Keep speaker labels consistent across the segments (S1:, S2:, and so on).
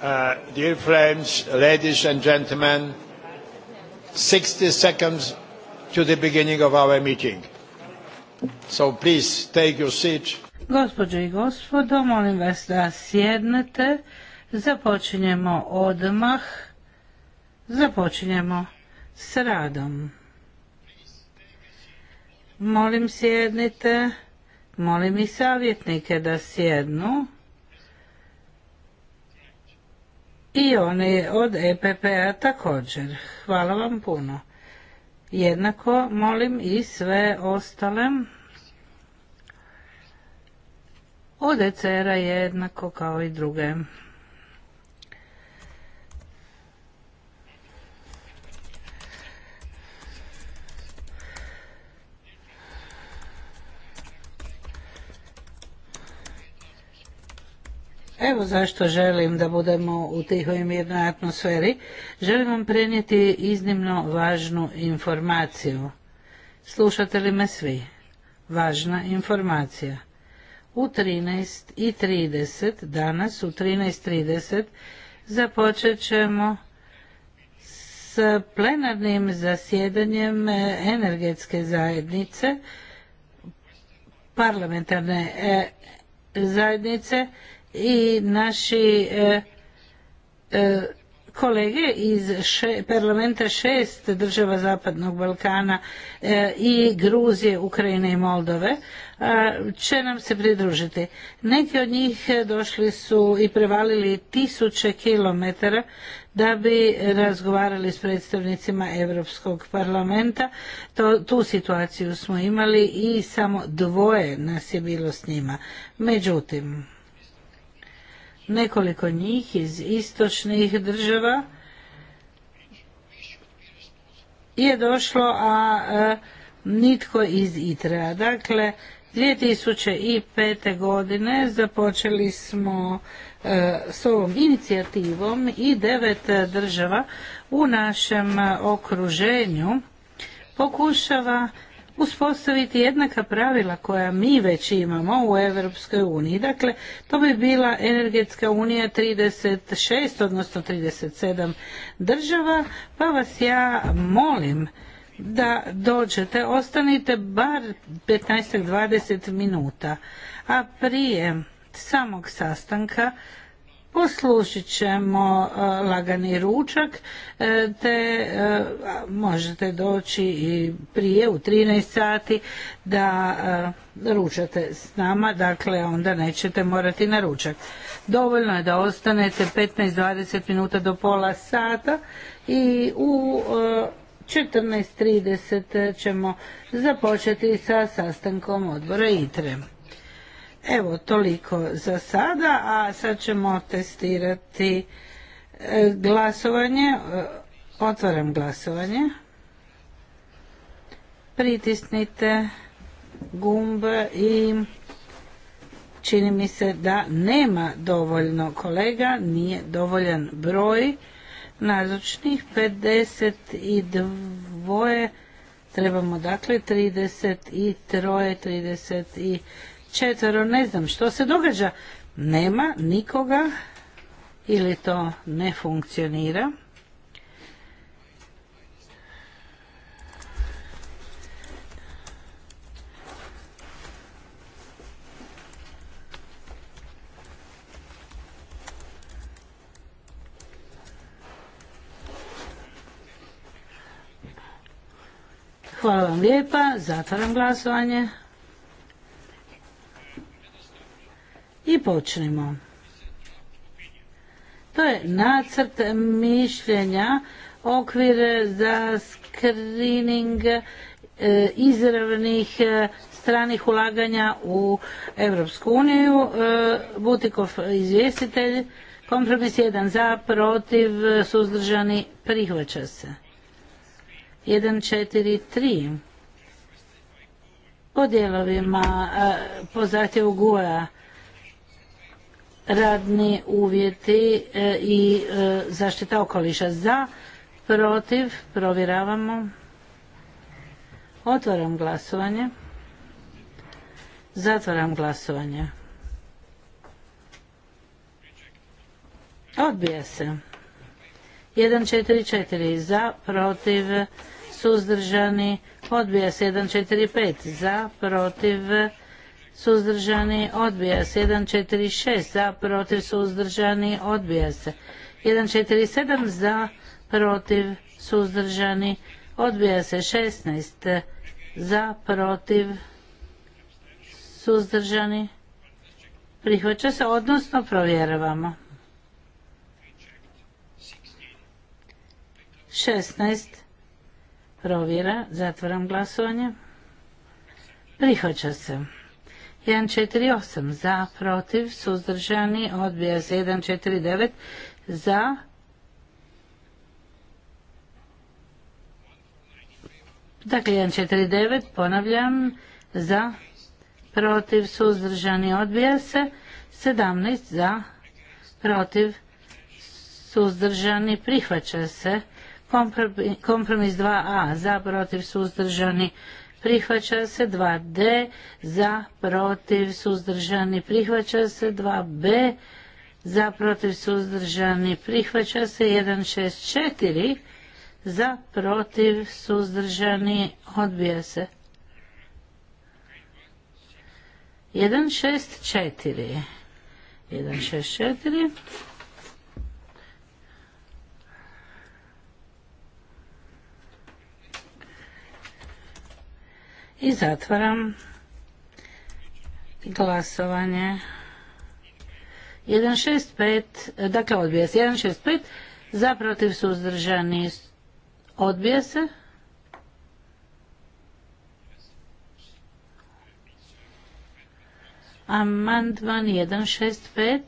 S1: Uh, dear friends, ladies and gentlemen, 60 seconds to the beginning of our meeting. So please take your seat.
S2: Gospođe i gospodo, molim vas da sjednete. Započinjemo odmah. Započinjemo s radom. Molim sjednite. Molim i savjetnike da sjednu. i oni od EPP-a također. Hvala vam puno. Jednako molim i sve ostale. Od ECR-a jednako kao i druge. Evo zašto želim da budemo u tihoj i mirnoj atmosferi. Želim vam prenijeti iznimno važnu informaciju. Slušate li me svi? Važna informacija. U 13.30, danas u 13.30, započet ćemo s plenarnim zasjedanjem energetske zajednice, parlamentarne e, zajednice, i naši e, e, kolege iz parlamenta šest država Zapadnog Balkana e, i Gruzije, Ukrajine i Moldove će nam se pridružiti. Neki od njih došli su i prevalili tisuće kilometara da bi razgovarali s predstavnicima Europskog parlamenta. To, tu situaciju smo imali i samo dvoje nas je bilo s njima. Međutim, nekoliko njih iz istočnih država je došlo, a e, nitko iz ITRA. Dakle, 2005. godine započeli smo e, s ovom inicijativom i devet država u našem okruženju pokušava uspostaviti jednaka pravila koja mi već imamo u Europskoj uniji. Dakle, to bi bila energetska unija 36, odnosno 37 država, pa vas ja molim da dođete, ostanite bar 15-20 minuta, a prije samog sastanka poslušit ćemo e, lagani ručak e, te e, možete doći i prije u 13 sati da ručate s nama dakle onda nećete morati na ručak dovoljno je da ostanete 15-20 minuta do pola sata i u 14.30 ćemo započeti sa sastankom odbora ITRE Evo, toliko za sada, a sad ćemo testirati e, glasovanje. E, otvaram glasovanje. Pritisnite gumb i čini mi se da nema dovoljno kolega, nije dovoljan broj nazočnih 52 trebamo dakle 33 i četvero, ne znam što se događa. Nema nikoga ili to ne funkcionira. Hvala vam lijepa, zatvaram glasovanje. i počnimo. To je nacrt mišljenja okvir za screening e, izravnih e, stranih ulaganja u Europsku uniju. E, Butikov izvjestitelj, kompromis jedan za, protiv, suzdržani, prihvaća se. 1, 4, 3. Po dijelovima, po zahtjevu GUA, radni uvjeti e, i e, zaštita okoliša. Za, protiv, provjeravamo. Otvaram glasovanje. Zatvaram glasovanje. Odbija se. 144 za, protiv, suzdržani. Odbija se 145 za, protiv, suzdržani, odbija se. 146 za, protiv, suzdržani, odbija se. 147 za, protiv, suzdržani, odbija se. 16 za, protiv, suzdržani, prihvaća se, odnosno provjeravamo. 16 provjera, zatvaram glasovanje, prihvaća se. 148 za, protiv, suzdržani, odbija se 149 za, dakle 149 ponavljam za, protiv, suzdržani, odbija se 17 za, protiv, suzdržani, prihvaća se kompromis 2a za, protiv, suzdržani, odbija se prihvaća se 2D za protiv suzdržani prihvaća se 2B za protiv suzdržani prihvaća se 164 za protiv suzdržani odbija se 164 164 I zatvaram glasovanje. 165, dakle odbija se. 165 zaprotiv su uzdržani odbija se. Amandman 165.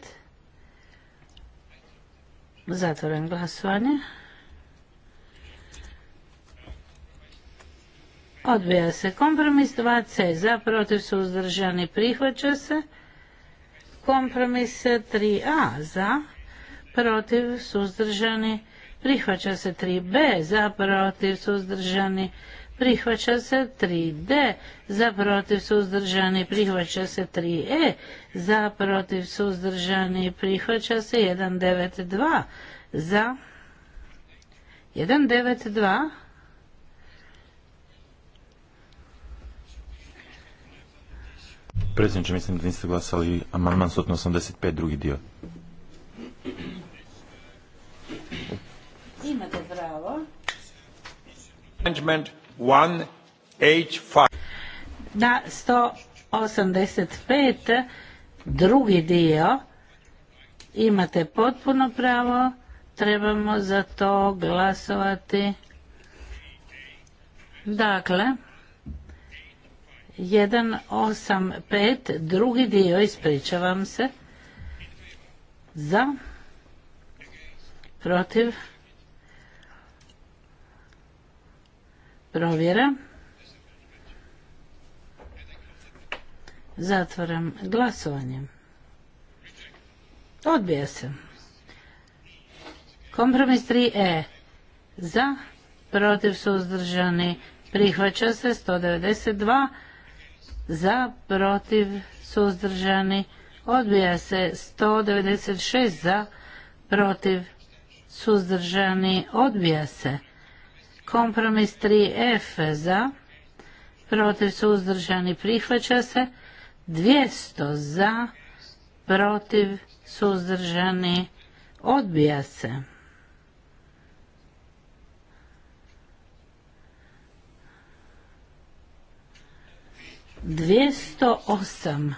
S2: Zatvoren glasovanje. Odbija se kompromis 2C za protiv suzdržani prihvaća se. Kompromis 3A za protiv suzdržani prihvaća se 3B za protiv suzdržani prihvaća se 3D za protiv suzdržani prihvaća se 3E za protiv suzdržani prihvaća se 192 za 192
S1: Predsjedniče, mislim da niste glasali amandman 185, drugi dio. Imate pravo. h 185.
S2: Na 185, drugi dio, imate potpuno pravo, trebamo za to glasovati. Dakle, 185, drugi dio, ispričavam se. Za, protiv, provjera. Zatvaram glasovanje. Odbija se. Kompromis 3E. Za, protiv, suzdržani, prihvaća se 192 za, protiv, suzdržani, odbija se 196 za, protiv, suzdržani, odbija se. Kompromis 3F za, protiv, suzdržani, prihvaća se 200 za, protiv, suzdržani, odbija se. 208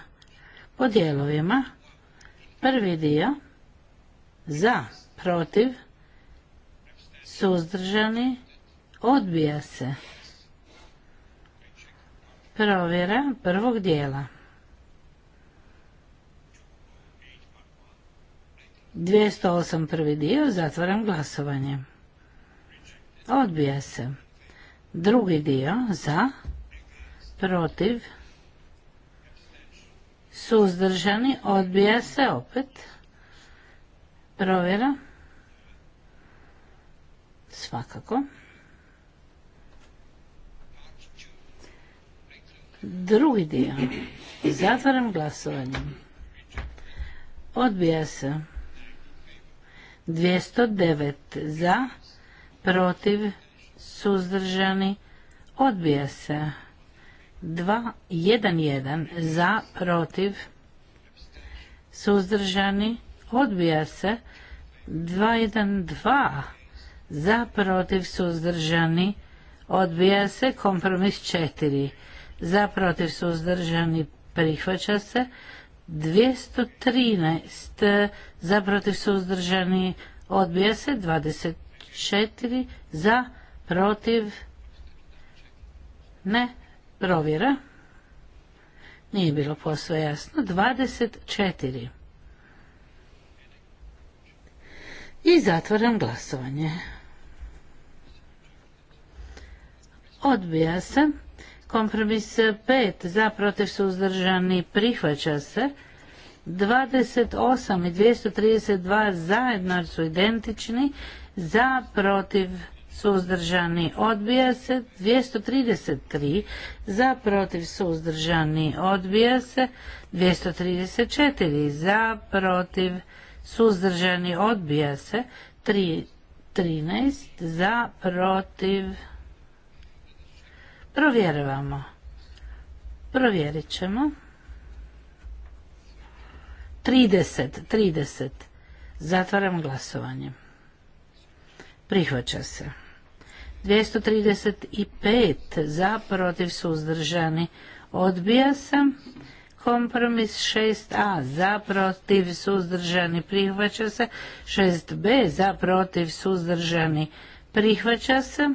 S2: po dijelovima. Prvi dio za, protiv, suzdržani, odbija se. Provjera prvog dijela. 208 prvi dio, zatvaram glasovanje. Odbija se. Drugi dio za, protiv, suzdržani, odbija se opet, provjera, svakako. Drugi dio, zatvaram glasovanje, odbija se, 209 za, protiv, suzdržani, odbija se. 2.1.1 za, protiv, suzdržani, odbija se. 2.1.2 za, protiv, suzdržani, odbija se. Kompromis 4 za, protiv, suzdržani, prihvaća se. 213 za, protiv, suzdržani, odbija se. 24 za, protiv, ne, Provjera. Nije bilo posve jasno. 24. I zatvaram glasovanje. Odbija se. Kompromis 5 za protiv uzdržani. prihvaća se. 28 i 232 zajedno su identični za protiv suzdržani odbija se 233 za protiv suzdržani odbija se 234 za protiv suzdržani odbija se 313 13 za protiv provjeravamo provjerit ćemo 30 30 zatvaram glasovanje prihvaća se 235 za protiv suzdržani odbija se. Kompromis 6a za protiv suzdržani prihvaća se. 6b za protiv suzdržani prihvaća se.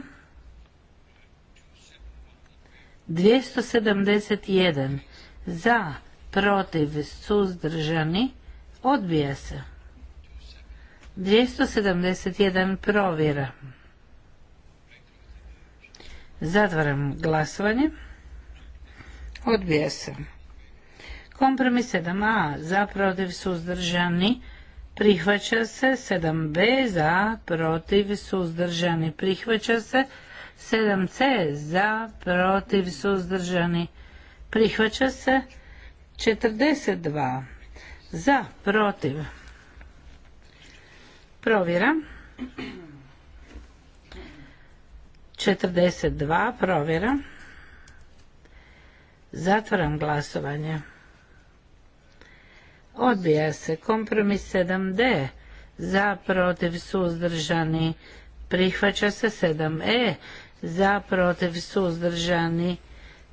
S2: 271 za protiv suzdržani odbija se. 271 provjera. Zatvaram glasovanje. Odbija se. Kompromis 7a za protiv suzdržani prihvaća se. 7b za protiv suzdržani prihvaća se. 7c za protiv suzdržani prihvaća se. 42 za protiv. Provjeram. 42 provjera. Zatvaram glasovanje. Odbija se kompromis 7D. Za, protiv, suzdržani. Prihvaća se 7E. Za, protiv, suzdržani.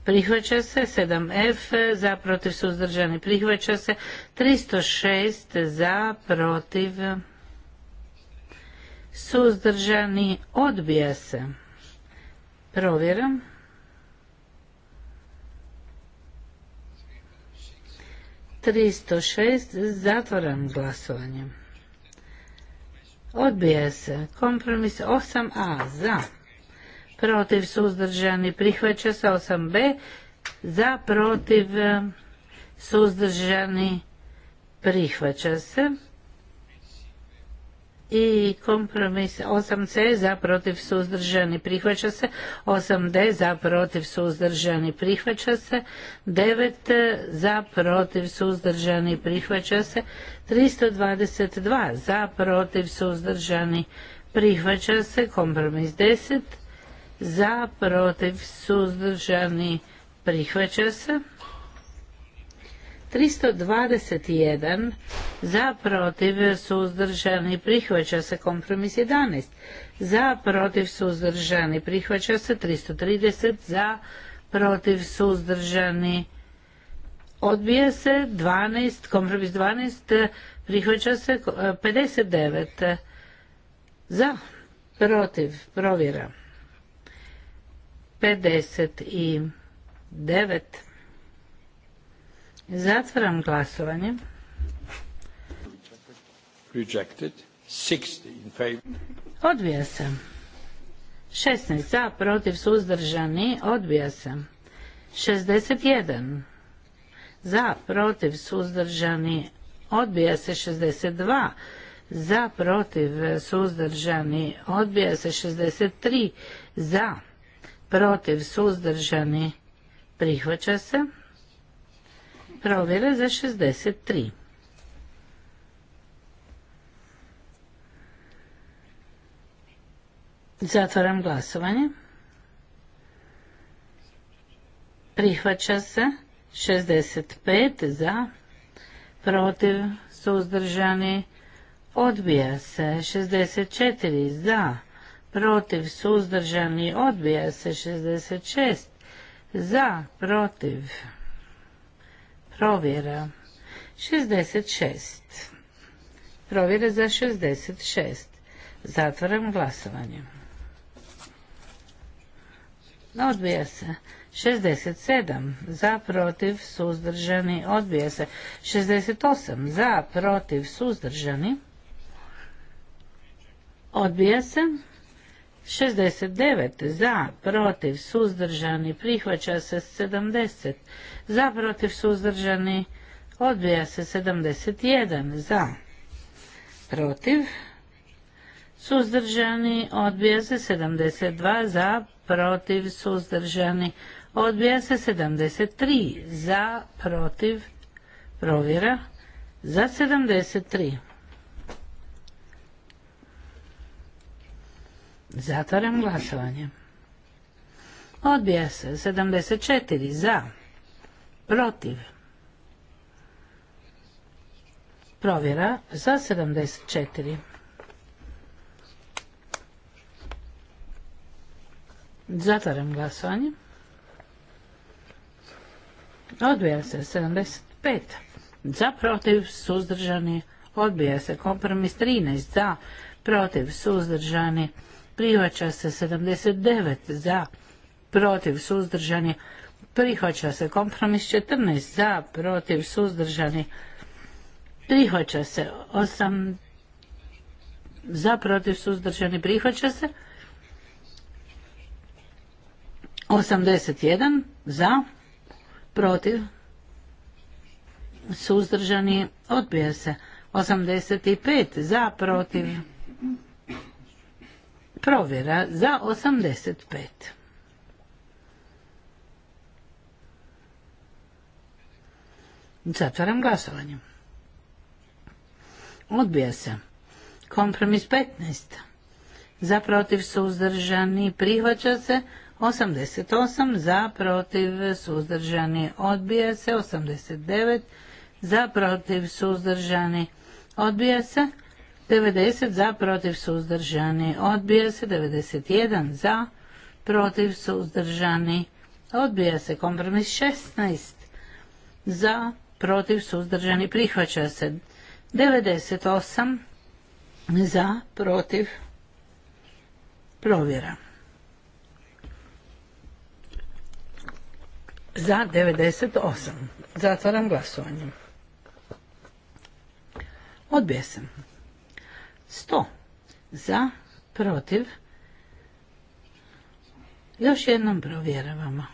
S2: Prihvaća se 7F. Za, protiv, suzdržani. Prihvaća se 306. Za, protiv, suzdržani. Odbija se. Provjeram. Tristo šest. Zatvoram glasovanje. Odbija se. Kompromis 8a. Za. Protiv suzdržani prihvaća se 8b. Za protiv suzdržani prihvaća se i kompromis 8c za protiv suzdržani prihvaća se, 8d za protiv suzdržani prihvaća se, 9 za protiv suzdržani prihvaća se, 322 za protiv suzdržani prihvaća se, kompromis 10 za protiv suzdržani prihvaća se. 321 za protiv suzdržani prihvaća se kompromis 11 za protiv suzdržani prihvaća se 330 za protiv suzdržani odbija se 12 kompromis 12 prihvaća se 59 e, za protiv provjera 59 Zatvaram glasovanje. Rejected. 60 in favor. Odbija se. 16 za, protiv suzdržani, odbija se. 61 za, protiv suzdržani, odbija se 62 za, protiv suzdržani, odbija se 63 za, protiv suzdržani, prihvaća se. Provjera za 63. Zatvaram glasovanje. Prihvaća se 65 za, protiv suzdržani, odbija se 64 za, protiv suzdržani, odbija se 66 za, protiv Provjera. 66. Provjera za 66. Zatvaram glasovanje. Odbija se. 67. Za, protiv, suzdržani. Odbija se. 68. Za, protiv, suzdržani. Odbija se. 69 za, protiv, suzdržani, prihvaća se 70 za, protiv, suzdržani, odbija se 71 za, protiv, suzdržani, odbija se 72 za, protiv, suzdržani, odbija se 73 za, protiv, provjera za 73. Zatvaram glasovanje. Odbija se 74 za, protiv. Provjera za 74. Zatvaram glasovanje. Odbija se 75. Za protiv suzdržani. Odbija se kompromis 13. Za protiv suzdržani prihvaća se 79 za, protiv suzdržani, prihvaća se kompromis 14 za, protiv suzdržani, prihvaća se 8 za, protiv suzdržani, prihvaća se 81 za, protiv suzdržani, odbija se 85 za, protiv Provjera za 85. Zatvaram glasovanje. Odbija se. Kompromis 15. Za protiv suzdržani prihvaća se 88. Za protiv suzdržani odbija se 89. Za protiv suzdržani odbija se 90 za, protiv, suzdržani, odbija se. 91 za, protiv, suzdržani, odbija se. Kompromis 16 za, protiv, suzdržani, prihvaća se. 98 za, protiv, provjera. Za 98. Zatvaram glasovanje. Odbija se. 100 za, protiv. Još jednom provjeravamo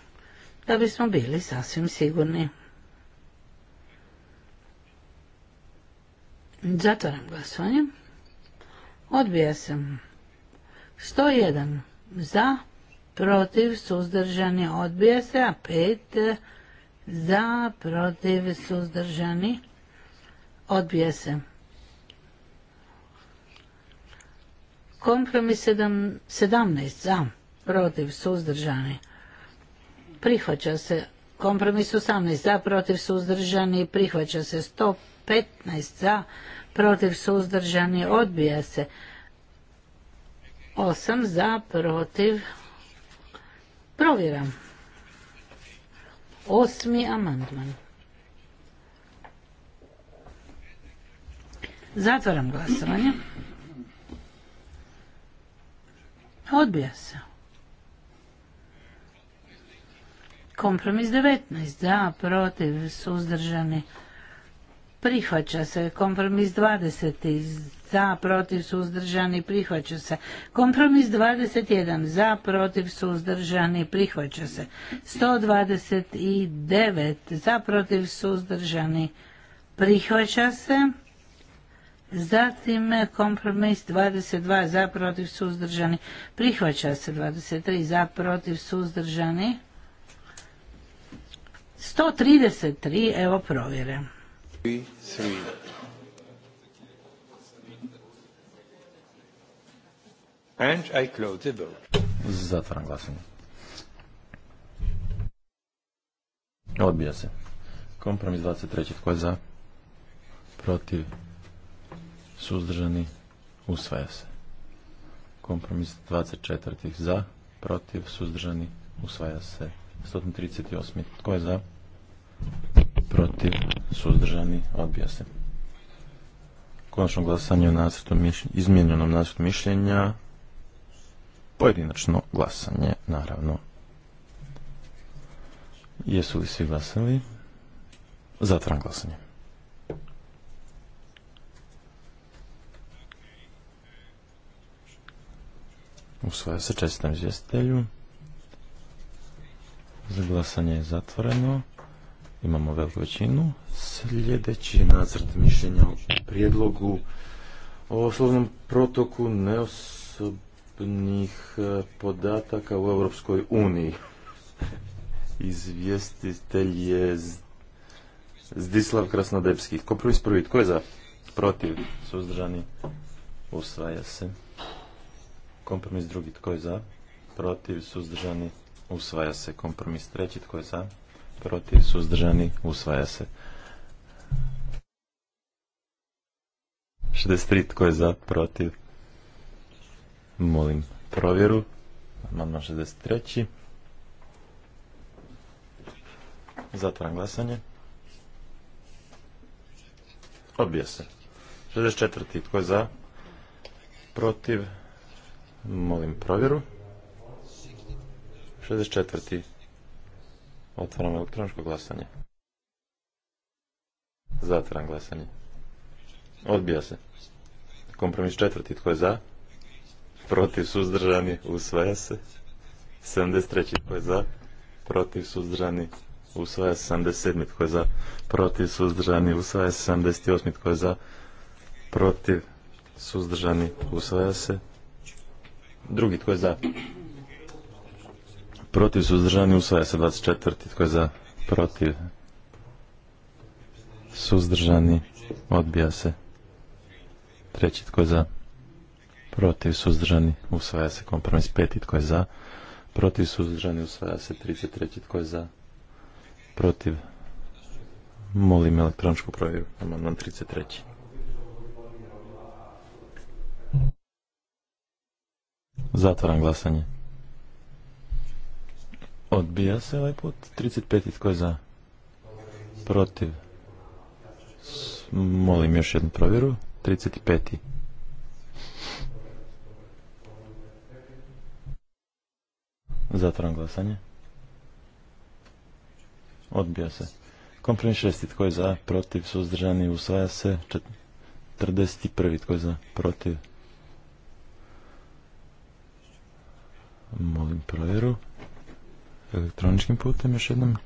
S2: da bismo bili sasvim sigurni. Zatvaram glasovanje. Odbija sam. 101 za, protiv, suzdržani, odbija se, a pet za, protiv, suzdržani, odbija se. Kompromis 17 za, protiv, suzdržani. Prihvaća se. Kompromis 18 za, protiv, suzdržani. Prihvaća se 115 za, protiv, suzdržani. Odbija se 8 za, protiv. Provjeram. Osmi amandman. Zatvaram glasovanje. Odbija se. Kompromis 19 za, protiv, suzdržani. Prihvaća se. Kompromis 20 za, protiv, suzdržani. Prihvaća se. Kompromis 21 za, protiv, suzdržani. Prihvaća se. 129 za, protiv, suzdržani. Prihvaća se. Zatim kompromis 22 za protiv suzdržani. Prihvaća se 23 za protiv suzdržani. 133, evo provjere. 3. And I close the
S1: Zatvaram glasanje. Odbija se. Kompromis 23. Tko je za? Protiv? suzdržani, usvaja se. Kompromis 24. za, protiv, suzdržani, usvaja se. 138. Tko je za? Protiv, suzdržani, odbija se. Konačno glasanje o nacrtu izmijenjenom nacrtu mišljenja. Pojedinačno glasanje, naravno. Jesu li svi glasali? Zatvaram glasanje. Usvaja se čestitam izvjestitelju. Zaglasanje je zatvoreno. Imamo veliku većinu. Sljedeći nacrt mišljenja o prijedlogu o oslovnom protoku neosobnih e, podataka u Europskoj uniji. Izvjestitelj je Zdislav Krasnodebski. Ko prvi. Tko je za? Protiv. Suzdržani. Usvaja se. Kompromis drugi tko je za? Protiv suzdržani usvaja se. Kompromis treći tko je za? Protiv suzdržani usvaja se. 63 tko je za? Protiv. Molim provjeru. Amandman 63. Zatvaram glasanje. Odbija se. 64. Tko je za? Protiv. Molim provjeru. 64. Otvaram elektroničko glasanje. Zatvaram glasanje. Odbija se. Kompromis četvrti. Tko je za? Protiv suzdržani. Usvaja se. 73. Tko je za? Protiv suzdržani. Usvaja se. 77. Tko je za? Protiv suzdržani. Usvaja se. 78. Tko je za? Protiv suzdržani. Usvaja se. Drugi, tko je za? Protiv suzdržani usvaja se 24. Tko je za? Protiv. Suzdržani odbija se. Treći, tko je za? Protiv suzdržani usvaja se kompromis. Peti, tko je za? Protiv suzdržani usvaja se 33. Tko je za? Protiv. Molim elektroničku provjeru. Amandman 33. Zatvaram glasanje. Odbija se ovaj put. 35. Tko je za? Protiv. Molim još jednu provjeru. 35. Zatvaram glasanje. Odbija se. Kompromis 6. Tko je za? Protiv. Suzdržani. Usvaja se. 41. Tko je za? Protiv. Molim provjeru elektroničkim putem još jednom.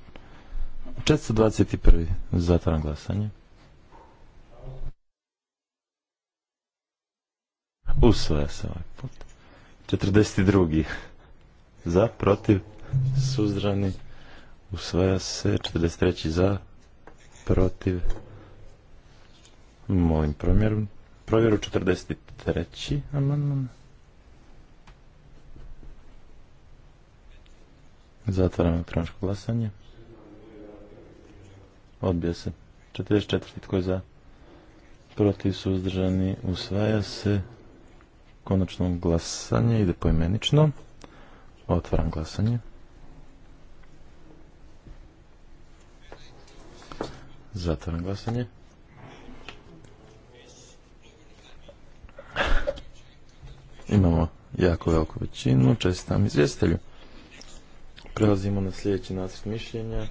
S1: 421. Zatvaram glasanje. Usvaja se ovaj put. 42. Za, protiv, suzdrani. Usvaja se. 43. Za, protiv. Molim provjeru Provjeru 43. amandman. Zatvaram elektroničko glasanje. Odbija se. 44. Tko je za? Protiv suzdržani usvaja se. Konačno glasanje ide poimenično. Otvaram glasanje. Zatvaram glasanje. Imamo jako veliku većinu. Čestitam izvjestelju. Prelazimo na sljedeći nacrt mišljenja.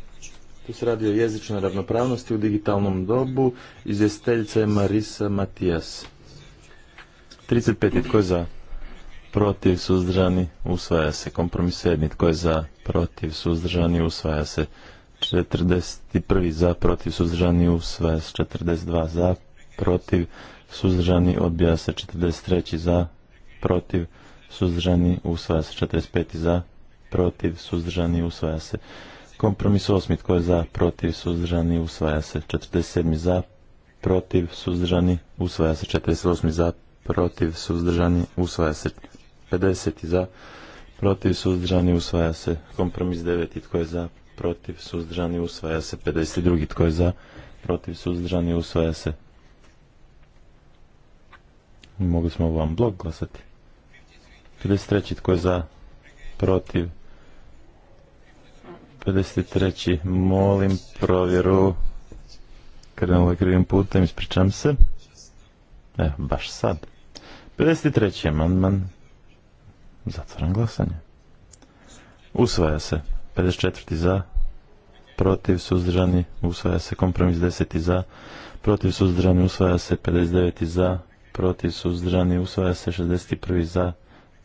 S1: Tu se radi o jezičnoj ravnopravnosti u digitalnom dobu. Izvjestiteljica je Marisa Matijas. 35. Tko je za? Protiv, suzdržani, usvaja se. Kompromis 7. Tko je za? Protiv, suzdržani, usvaja se. 41. za, protiv, suzdržani, usvaja se. 42. za, protiv, suzdržani, odbija se. 43. za, protiv, suzdržani, usvaja se. 45. za, protiv, suzdržani, usvaja se. Kompromis osmi, tko je za, protiv, suzdržani, usvaja se. 47. za, protiv, suzdržani, usvaja se. 48. za, protiv, suzdržani, usvaja se. 50. za, protiv, suzdržani, usvaja se. Kompromis 9. tko je za, protiv, suzdržani, usvaja se. 52. tko je za, protiv, suzdržani, usvaja se. Mogli smo vam blog glasati. 53. tko je za, protiv, 53. Molim provjeru. Krenulo krivim putem, ispričam se. Evo, baš sad. 53. amandman. Zatvaram glasanje. Usvaja se. 54. za. Protiv suzdržani. Usvaja se. Kompromis 10. za. Protiv suzdržani. Usvaja se. 59. za. Protiv suzdržani. Usvaja se. 61. za.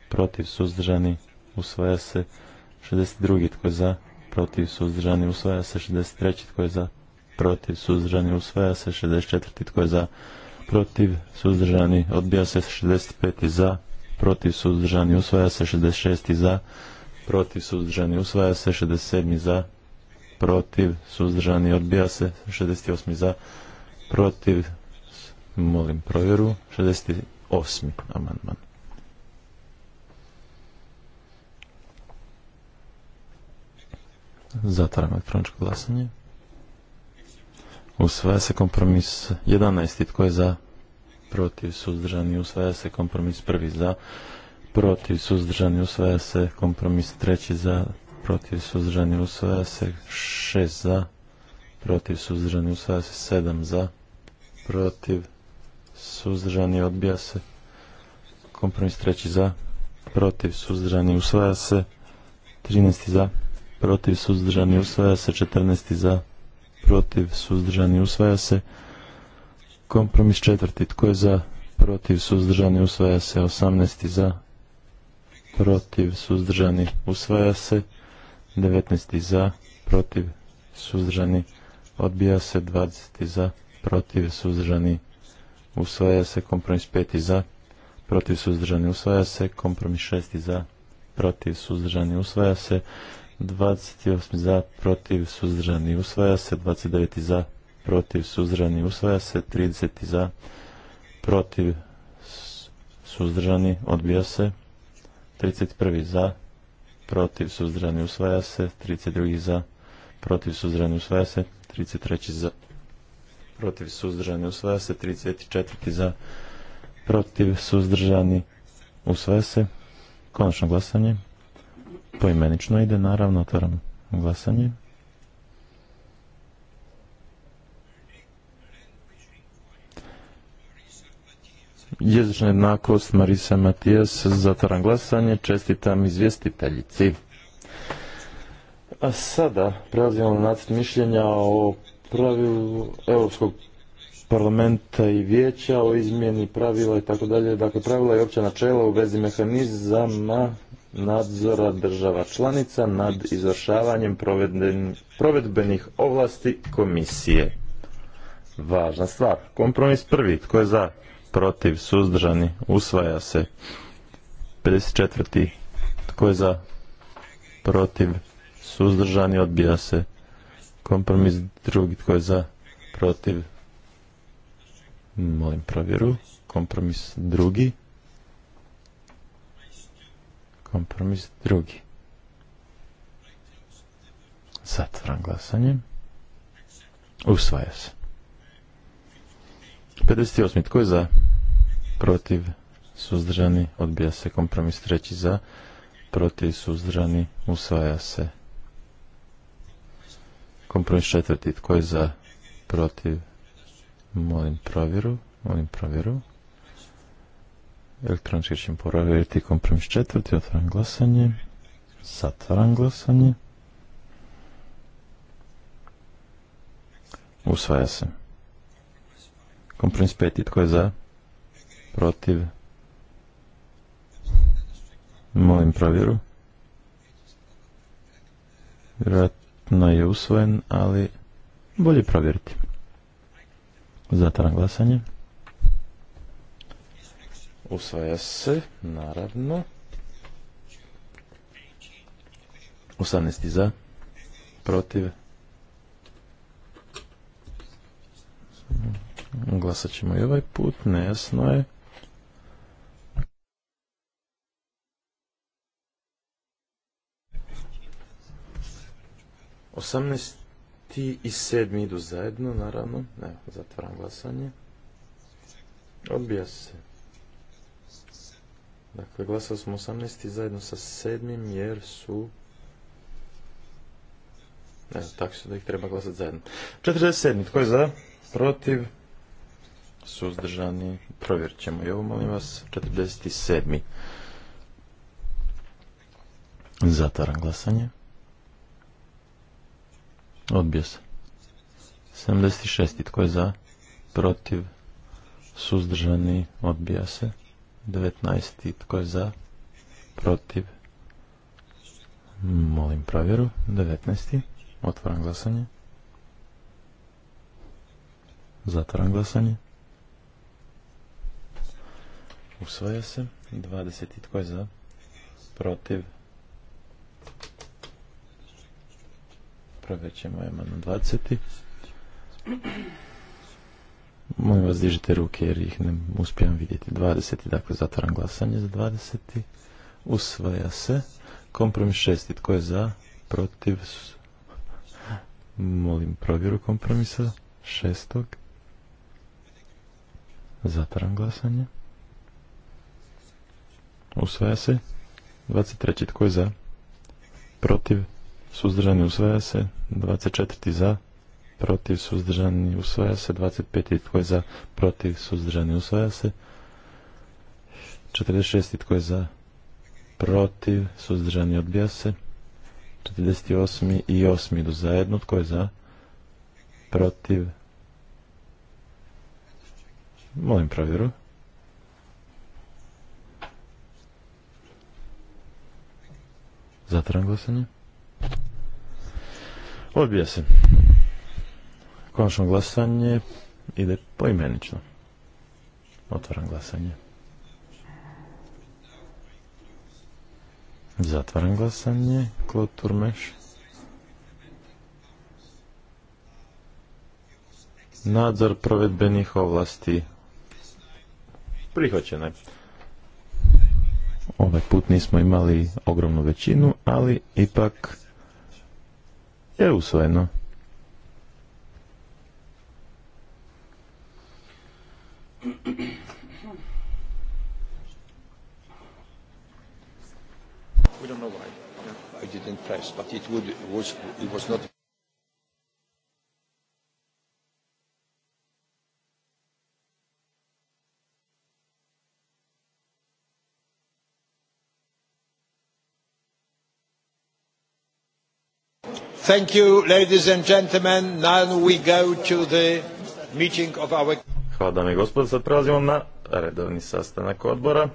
S1: Protiv suzdržani. Usvaja se. 62. tko za protiv suzdržani usvaja se 63. tko je za protiv suzdržani usvaja se 64. tko je za protiv suzdržani odbija se 65. za protiv suzdržani usvaja se 66. za protiv suzdržani usvaja se 67. za protiv suzdržani odbija se 68. za protiv molim provjeru 68. amandman Zatvaram elektroničko glasanje. Usvaja se kompromis 11. Tko je za? Protiv suzdržani. Usvaja se kompromis prvi za. Protiv suzdržani. Usvaja se kompromis treći za. Protiv suzdržani. Usvaja se šest za. Protiv suzdržani. Usvaja se sedam za. Protiv suzdržani. Odbija se. Kompromis treći za. Protiv suzdržani. Usvaja se 13. za protiv suzdržani usvaja se, 14 za protiv suzdržani usvaja se, kompromis četvrti tko je za protiv suzdržani usvaja se, 18 za protiv suzdržani usvaja se, 19 za protiv suzdržani odbija se, 20 za protiv suzdržani usvaja se, kompromis 5 za protiv suzdržani usvaja se, kompromis 6 za protiv suzdržani usvaja se, 28 za, protiv, suzdržani, usvaja se. 29 za, protiv, suzdržani, usvaja se. 30 za, protiv, suzdržani, odbija se. 31 za, protiv, suzdržani, usvaja se. 32 za, protiv, suzdržani, usvaja se. 33 za, protiv, suzdržani, usvaja se. 34 za, protiv, suzdržani, usvaja se. Konačno glasanje poimenično ide, naravno, otvaram glasanje. Jezična jednakost Marisa Matijas, zatvaram glasanje, čestitam izvjestiteljici. A sada prelazimo na nacrt mišljenja o pravilu Europskog parlamenta i vijeća, o izmjeni pravila i tako dalje. Dakle, pravila i opća načela u vezi mehanizama nadzora država članica nad izvršavanjem provedbenih ovlasti komisije. Važna stvar. Kompromis prvi. Tko je za? Protiv. Suzdržani. Usvaja se. 54. Tko je za? Protiv. Suzdržani. Odbija se. Kompromis drugi. Tko je za? Protiv. Molim provjeru. Kompromis drugi. Kompromis drugi. Zatvoram glasanje. Usvaja se. 58. Tko je za? Protiv. Suzdržani. Odbija se kompromis treći za. Protiv. Suzdržani. Usvaja se. Kompromis četvrti. Tko je za? Protiv. Molim provjeru. Molim provjeru. Elektronički ćemo provjeriti kompromis četvrti, otvaram glasanje, zatvaram glasanje. Usvaja se. Kompromis peti, tko je za? Protiv? Molim provjeru. Vjerojatno je usvojen, ali bolje provjeriti. Zatvaram glasanje. Usvaja se, naravno. 18. za. Protiv. Glasat ćemo i ovaj put, nejasno je. Osamnesti i sedmi idu zajedno, naravno. Ne, zatvaram glasanje. Odbija se. Dakle, glasali smo 18. zajedno sa 7. jer su... Ne znam, tako su da ih treba glasati zajedno. 47. Tko je za? Protiv? Suzdržani? Provjerit ćemo i ovo, molim vas. 47. Zatvaram glasanje. Odbija se. 76. Tko je za? Protiv? Suzdržani? Odbija se. 19. Tko je za? Protiv? Molim provjeru. 19. Otvaram glasanje. Zatvoram glasanje. Usvaja se. 20. Tko je za? Protiv? Provjet ćemo na 20. Molim vas, dižite ruke jer ih ne uspijem vidjeti. 20. Dakle, zatvaram glasanje za 20. Usvaja se. Kompromis 6. Tko je za? Protiv? Molim provjeru kompromisa. Šestog. Zatvaram glasanje. Usvaja se. 23. Tko je za? Protiv? Suzdržani usvaja se. 24. za? protiv, suzdržani, usvaja se. 25. tko je za, protiv, suzdržani, usvaja se. 46. tko je za, protiv, suzdržani, odbija se. 48. i 8. idu zajedno, tko je za, protiv, molim provjeru. Zatran glasanje. Odbija se. Konačno glasanje ide poimenično. Otvaram glasanje. Zatvaram glasanje. Klo Turmeš. Nadzor provedbenih ovlasti. Prihvaćeno je. Ovaj put nismo imali ogromnu većinu, ali ipak je usvojeno. We don't know why. I didn't press, but it would was it was not Thank you, ladies and gentlemen. Now we go to the meeting of our Hvala dame i gospodo, sad prelazimo na redovni sastanak odbora.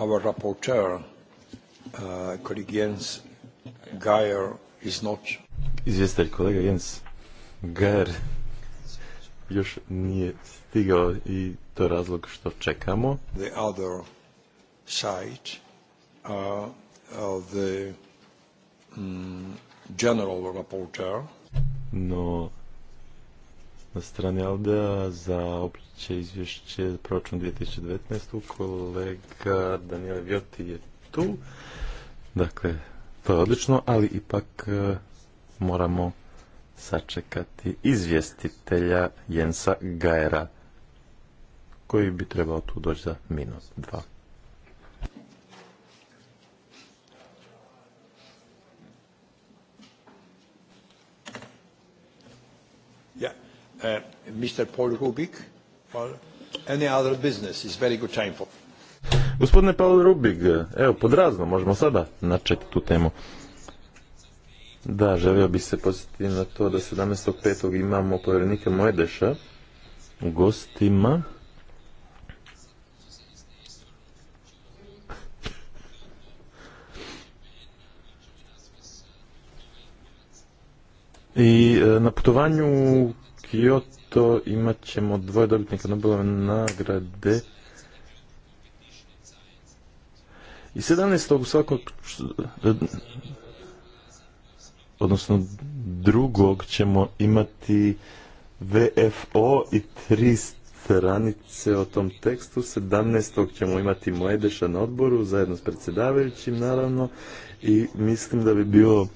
S1: our rapporteur, uh, colleague Jens Geier, is not... Izvjestelj kolega Jens Geier još nije stigao i to je razlog što čekamo. The other side uh, of the um, general rapporteur. No, na strani Aldea za opće izvješće proračun 2019. Kolega Daniele Vjoti je tu. Dakle, to je odlično, ali ipak e, moramo sačekati izvjestitelja Jensa Gajera koji bi trebao tu doći za minus dva. Uh, Mr. Paul Rubik. for any other business is very good time for. Gospodine Paul Rubik, evo razno možemo sada načeti tu temu. Da, želio bih se posjetiti na to da 17.5. imamo povjerenike Mojedeša u gostima. I e, na putovanju Kyoto imat ćemo dvoje dobitnika Nobelove nagrade i 17. u svakog odnosno drugog ćemo imati VFO i tri stranice o tom tekstu. 17. ćemo imati Mladeša na odboru, zajedno s predsjedavajućim, naravno, i mislim da bi bilo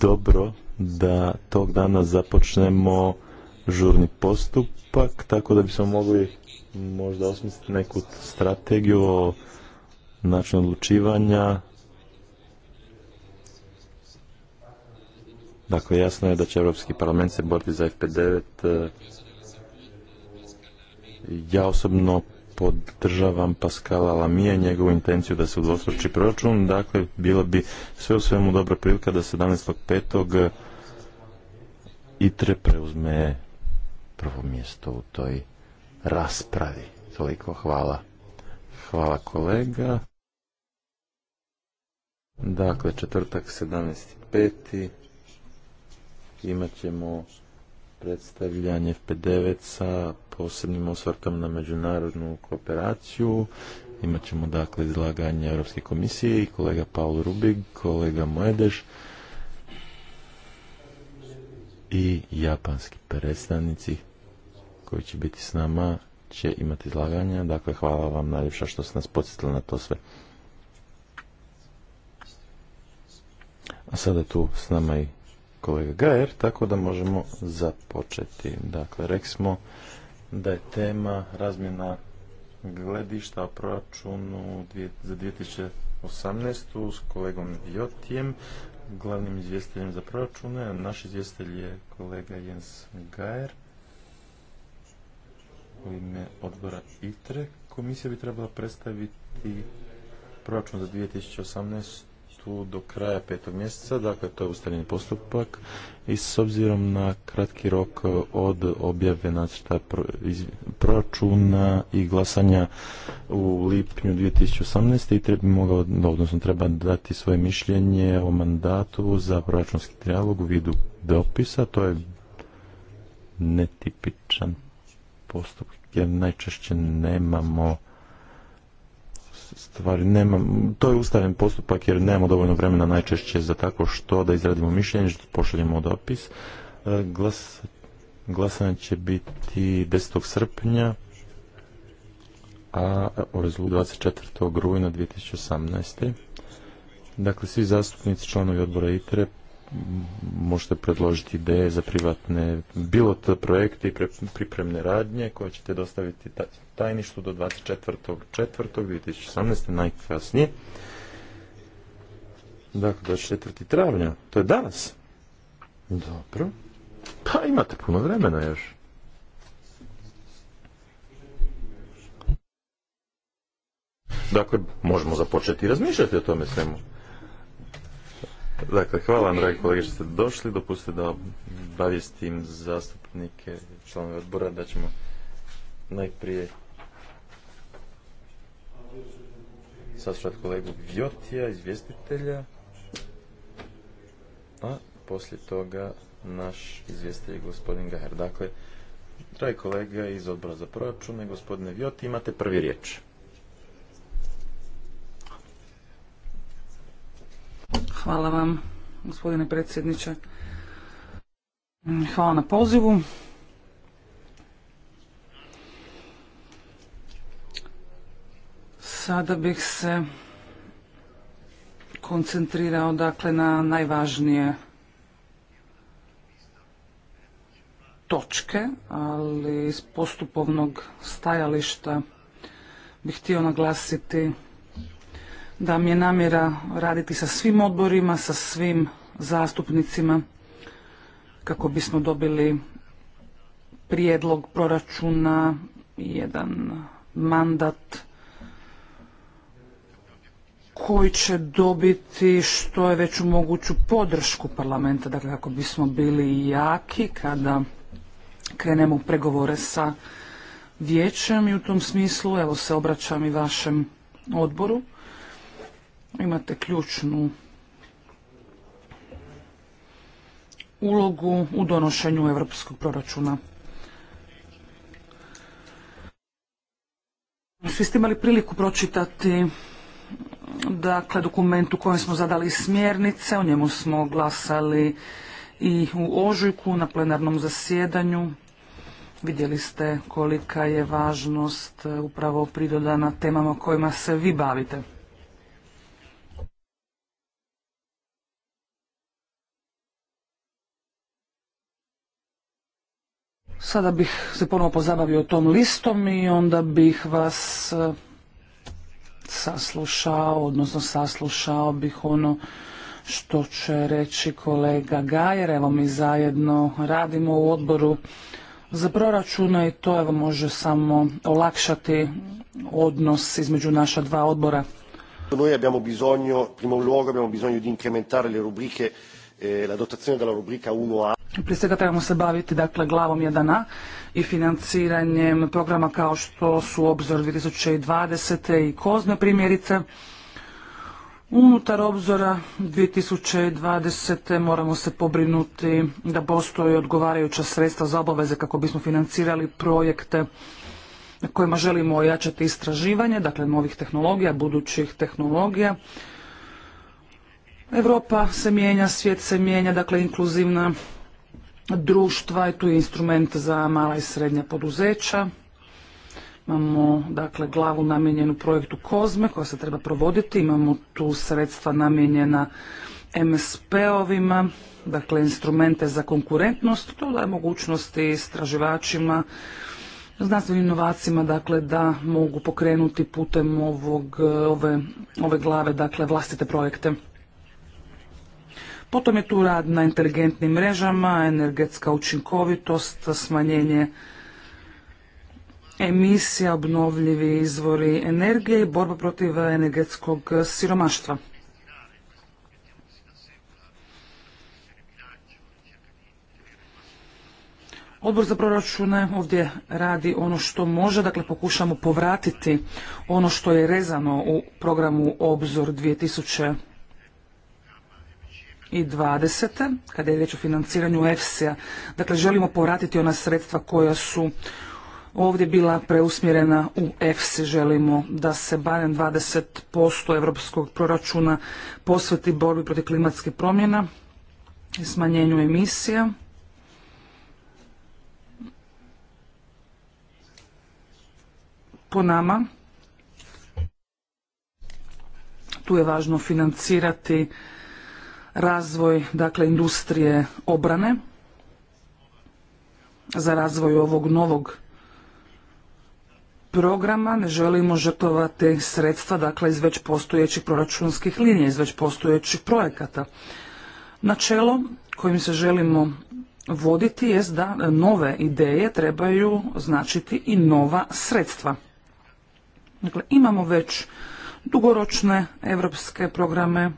S1: dobro da tog dana započnemo žurni postupak, tako da bismo mogli možda osmisliti neku strategiju o načinu odlučivanja. Dakle, jasno je da će Europski parlament se boriti za FP9. Ja osobno podržavam Paskala Lamija njegovu intenciju da se udvostruči proračun. Dakle, bilo bi sve u svemu dobra prilika da 17.5 ITRE preuzme prvo mjesto u toj raspravi. Toliko hvala. Hvala kolega. Dakle, četvrtak 17.5. Imat ćemo predstavljanje FP9 sa posebnim osvrtom na međunarodnu kooperaciju. Imat ćemo dakle izlaganje Europske komisije i kolega Paul Rubig, kolega moedeš i japanski predstavnici koji će biti s nama će imati izlaganja. Dakle, hvala vam najljepša što ste nas podsjetili na to sve. A sada je tu s nama i kolega Gajer, tako da možemo započeti. Dakle, rekli smo da je tema razmjena gledišta o proračunu za 2018. s kolegom Jotijem glavnim izvjestiteljem za proračune. Naš izvjestitelj je kolega Jens Gajer u ime odbora ITRE. Komisija bi trebala predstaviti proračun za 2018 tu do kraja petog mjeseca, dakle to je ustavljeni postupak i s obzirom na kratki rok e, od objave nacrta proračuna i glasanja u lipnju 2018. i treba mogao, odnosno treba dati svoje mišljenje o mandatu za proračunski trijalog u vidu dopisa, to je netipičan postupak jer najčešće nemamo stvari. nema. to je ustaven postupak jer nemamo dovoljno vremena najčešće za tako što da izradimo mišljenje, što pošaljemo dopis. E, glas, glasanje će biti 10. srpnja, a o rezultu 24. rujna 2018. Dakle, svi zastupnici, članovi odbora ITRE, možete predložiti ideje za privatne pilot projekte i pripremne radnje koje ćete dostaviti tajništu do 24.4.2018. najkasnije. Dakle, 24. travnja. To je danas. Dobro. Pa imate puno vremena još. Dakle, možemo započeti i razmišljati o tome svemu. Dakle, hvala dragi kolege što ste došli. Dopustite da obavijestim zastupnike članove odbora da ćemo najprije saslušat kolegu Vjotija, izvjestitelja, a poslije toga naš izvjestitelj gospodin Gaher. Dakle, traj kolega iz odbora za proračune, gospodine Vjoti, imate prvi riječ.
S3: Hvala vam, gospodine predsjedniče. Hvala na pozivu. Sada bih se koncentrirao dakle na najvažnije točke, ali iz postupovnog stajališta bih htio naglasiti da mi je namjera raditi sa svim odborima, sa svim zastupnicima kako bismo dobili prijedlog proračuna, i jedan mandat koji će dobiti što je veću moguću podršku parlamenta, dakle kako bismo bili jaki kada krenemo u pregovore sa vijećem i u tom smislu evo se obraćam i vašem odboru. Imate ključnu ulogu u donošenju europskog proračuna. Svi ste imali priliku pročitati dakle dokument u kojem smo zadali smjernice, o njemu smo glasali i u ožujku na plenarnom zasjedanju. Vidjeli ste kolika je važnost e, upravo pridodana temama kojima se vi bavite. Sada bih se ponovo pozabavio tom listom i onda bih vas e, saslušao, odnosno saslušao bih ono što će reći kolega Gajer. Evo mi zajedno radimo u odboru za proračuna i to evo može samo olakšati odnos između naša dva odbora.
S1: Noi abbiamo bisogno, primo luogo abbiamo bisogno di incrementare le rubriche E, la dotazione della rubrica 1A.
S3: Prije svega trebamo se baviti dakle glavom 1A i financiranjem programa kao što su obzor 2020. i kozne primjerice. Unutar obzora 2020. moramo se pobrinuti da postoje odgovarajuća sredstva za obaveze kako bismo financirali projekte kojima želimo ojačati istraživanje, dakle novih tehnologija, budućih tehnologija Europa se mijenja, svijet se mijenja, dakle inkluzivna društva i tu je instrument za mala i srednja poduzeća. Imamo dakle glavu namijenjenu projektu Kozme koja se treba provoditi, imamo tu sredstva namijenjena MSP-ovima, dakle instrumente za konkurentnost, to daje mogućnosti istraživačima, znanstvenim inovacima, dakle da mogu pokrenuti putem ovog, ove, ove glave, dakle vlastite projekte. Potom je tu rad na inteligentnim mrežama, energetska učinkovitost, smanjenje emisija, obnovljivi izvori energije i borba protiv energetskog siromaštva. Odbor za proračune ovdje radi ono što može, dakle pokušamo povratiti ono što je rezano u programu Obzor 2020 i 20. kada je riječ o financiranju EFSI-a. Dakle, želimo povratiti ona sredstva koja su ovdje bila preusmjerena u EFSI. Želimo da se barem 20% europskog proračuna posveti borbi protiv klimatskih promjena i smanjenju emisija. Po nama tu je važno financirati razvoj dakle industrije obrane, za razvoj ovog novog programa ne želimo žrtovati sredstva dakle iz već postojećih proračunskih linija, iz već postojećih projekata. Načelo kojim se želimo voditi jest da nove ideje trebaju značiti i nova sredstva. Dakle, imamo već dugoročne europske programe,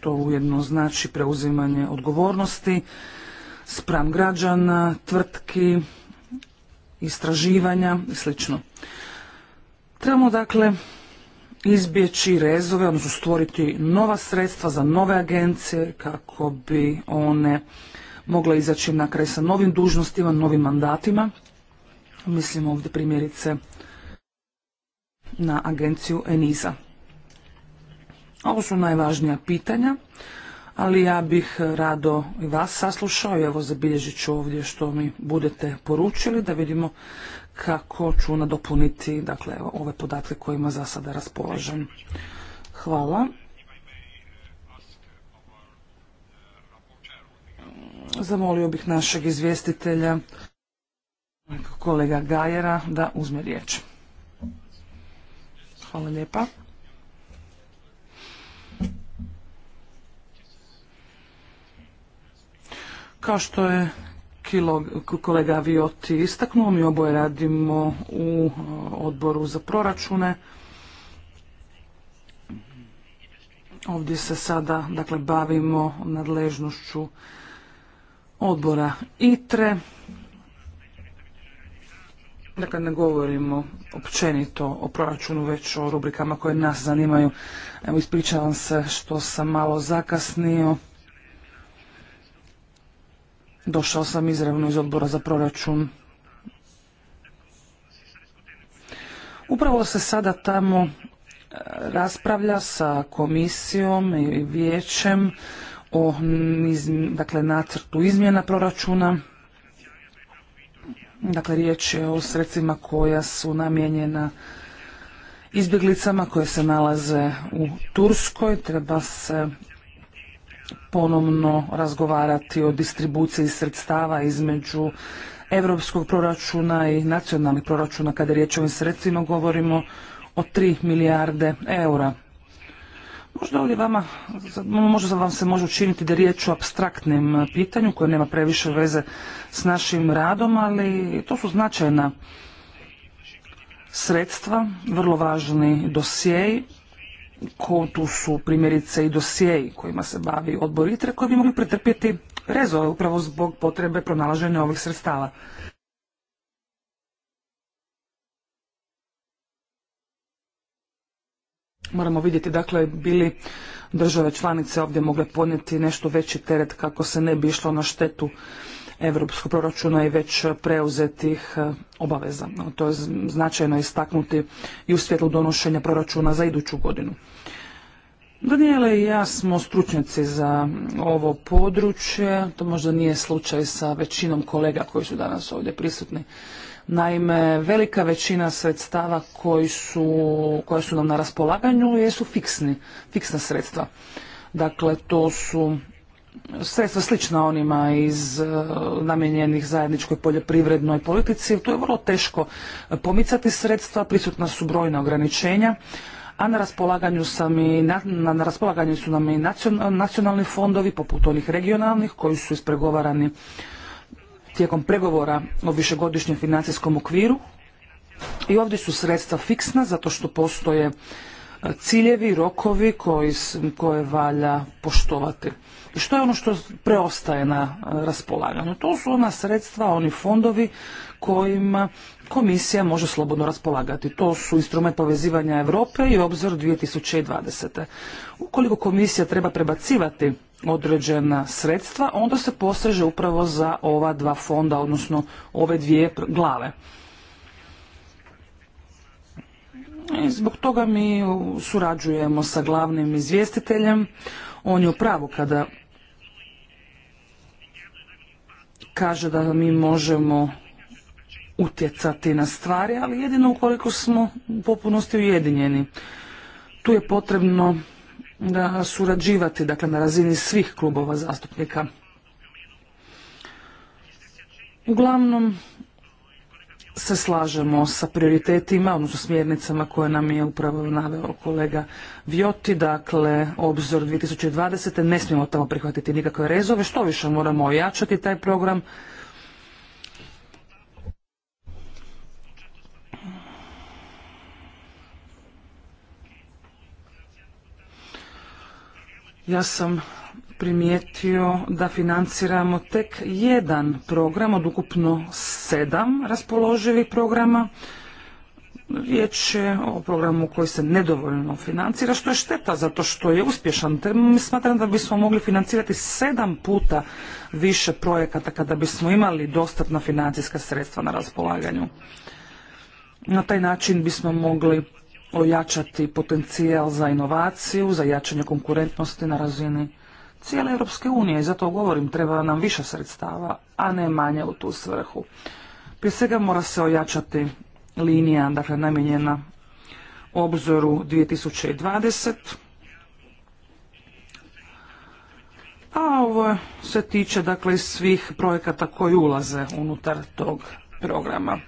S3: to ujedno znači preuzimanje odgovornosti spram građana, tvrtki, istraživanja i sl. Trebamo dakle izbjeći rezove, odnosno stvoriti nova sredstva za nove agencije kako bi one mogle izaći na kraj sa novim dužnostima, novim mandatima. Mislim ovdje primjerice na agenciju ENISA. Ovo su najvažnija pitanja, ali ja bih rado i vas saslušao i evo zabilježit ću ovdje što mi budete poručili da vidimo kako ću nadopuniti dakle, ove podatke kojima za sada raspolažem. Hvala. Zamolio bih našeg izvjestitelja, kolega Gajera, da uzme riječ. Hvala lijepa. Kao što je kolega Vioti istaknuo, mi oboje radimo u e, odboru za proračune. Ovdje se sada dakle, bavimo nadležnošću odbora ITRE. Dakle, ne govorimo općenito o proračunu, već o rubrikama koje nas zanimaju. Evo, ispričavam se što sam malo zakasnio. Došao sam izravno iz odbora za proračun. Upravo se sada tamo e, raspravlja sa komisijom i vijećem o dakle, nacrtu izmjena proračuna. Dakle, riječ je o sredstvima koja su namijenjena izbjeglicama koje se nalaze u Turskoj. Treba se ponovno razgovarati o distribuciji sredstava između europskog proračuna i nacionalnih proračuna kada je riječ o ovim sredstvima govorimo o 3 milijarde eura. Možda ovdje vama, možda vam se može učiniti da je riječ o abstraktnim pitanju koje nema previše veze s našim radom, ali to su značajna sredstva, vrlo važni dosjei tu su primjerice i dosijeji kojima se bavi odbor ITRE koji bi mogli pretrpjeti rezove upravo zbog potrebe pronalaženja ovih sredstava. Moramo vidjeti dakle bili države članice ovdje mogle podnijeti nešto veći teret kako se ne bi išlo na štetu europskog proračuna i već preuzetih e, obaveza. To je značajno istaknuti i u svjetlu donošenja proračuna za iduću godinu. Daniela i ja smo stručnjaci za ovo područje, to možda nije slučaj sa većinom kolega koji su danas ovdje prisutni. Naime, velika većina sredstava koji su, koja su nam na raspolaganju jesu fiksni, fiksna sredstva. Dakle, to su sredstva slična onima iz e, namijenjenih zajedničkoj poljoprivrednoj politici. Tu je vrlo teško e, pomicati sredstva, prisutna su brojna ograničenja, a na raspolaganju, sam i, na, raspolaganju su nam i nacionalni fondovi, poput onih regionalnih, koji su ispregovarani tijekom pregovora o višegodišnjem financijskom okviru. I ovdje su sredstva fiksna, zato što postoje e, ciljevi, rokovi koji, koje valja poštovati što je ono što preostaje na e, raspolaganju. To su ona sredstva, oni fondovi kojima komisija može slobodno raspolagati. To su instrument povezivanja Europe i obzor 2020. Ukoliko komisija treba prebacivati određena sredstva, onda se poseže upravo za ova dva fonda, odnosno ove dvije glave. I zbog toga mi surađujemo sa glavnim izvjestiteljem. On je u pravu kada kaže da mi možemo utjecati na stvari, ali jedino ukoliko smo u popunosti ujedinjeni. Tu je potrebno da surađivati dakle, na razini svih klubova zastupnika. Uglavnom, se slažemo sa prioritetima, odnosno smjernicama koje nam je upravo naveo kolega Vjoti, dakle obzor 2020. ne smijemo tamo prihvatiti nikakve rezove, što više moramo ojačati taj program. Ja sam primijetio da financiramo tek jedan program od ukupno sedam raspoloživih programa. Riječ je o programu koji se nedovoljno financira, što je šteta zato što je uspješan. Te smatram da bismo mogli financirati sedam puta više projekata kada bismo imali dostatna financijska sredstva na raspolaganju. Na taj način bismo mogli ojačati potencijal za inovaciju, za jačanje konkurentnosti na razini cijele Europske unije i zato govorim, treba nam više sredstava, a ne manje u tu svrhu. Prije svega mora se ojačati linija, dakle namijenjena obzoru 2020. A ovo se tiče dakle svih projekata koji ulaze unutar tog programa.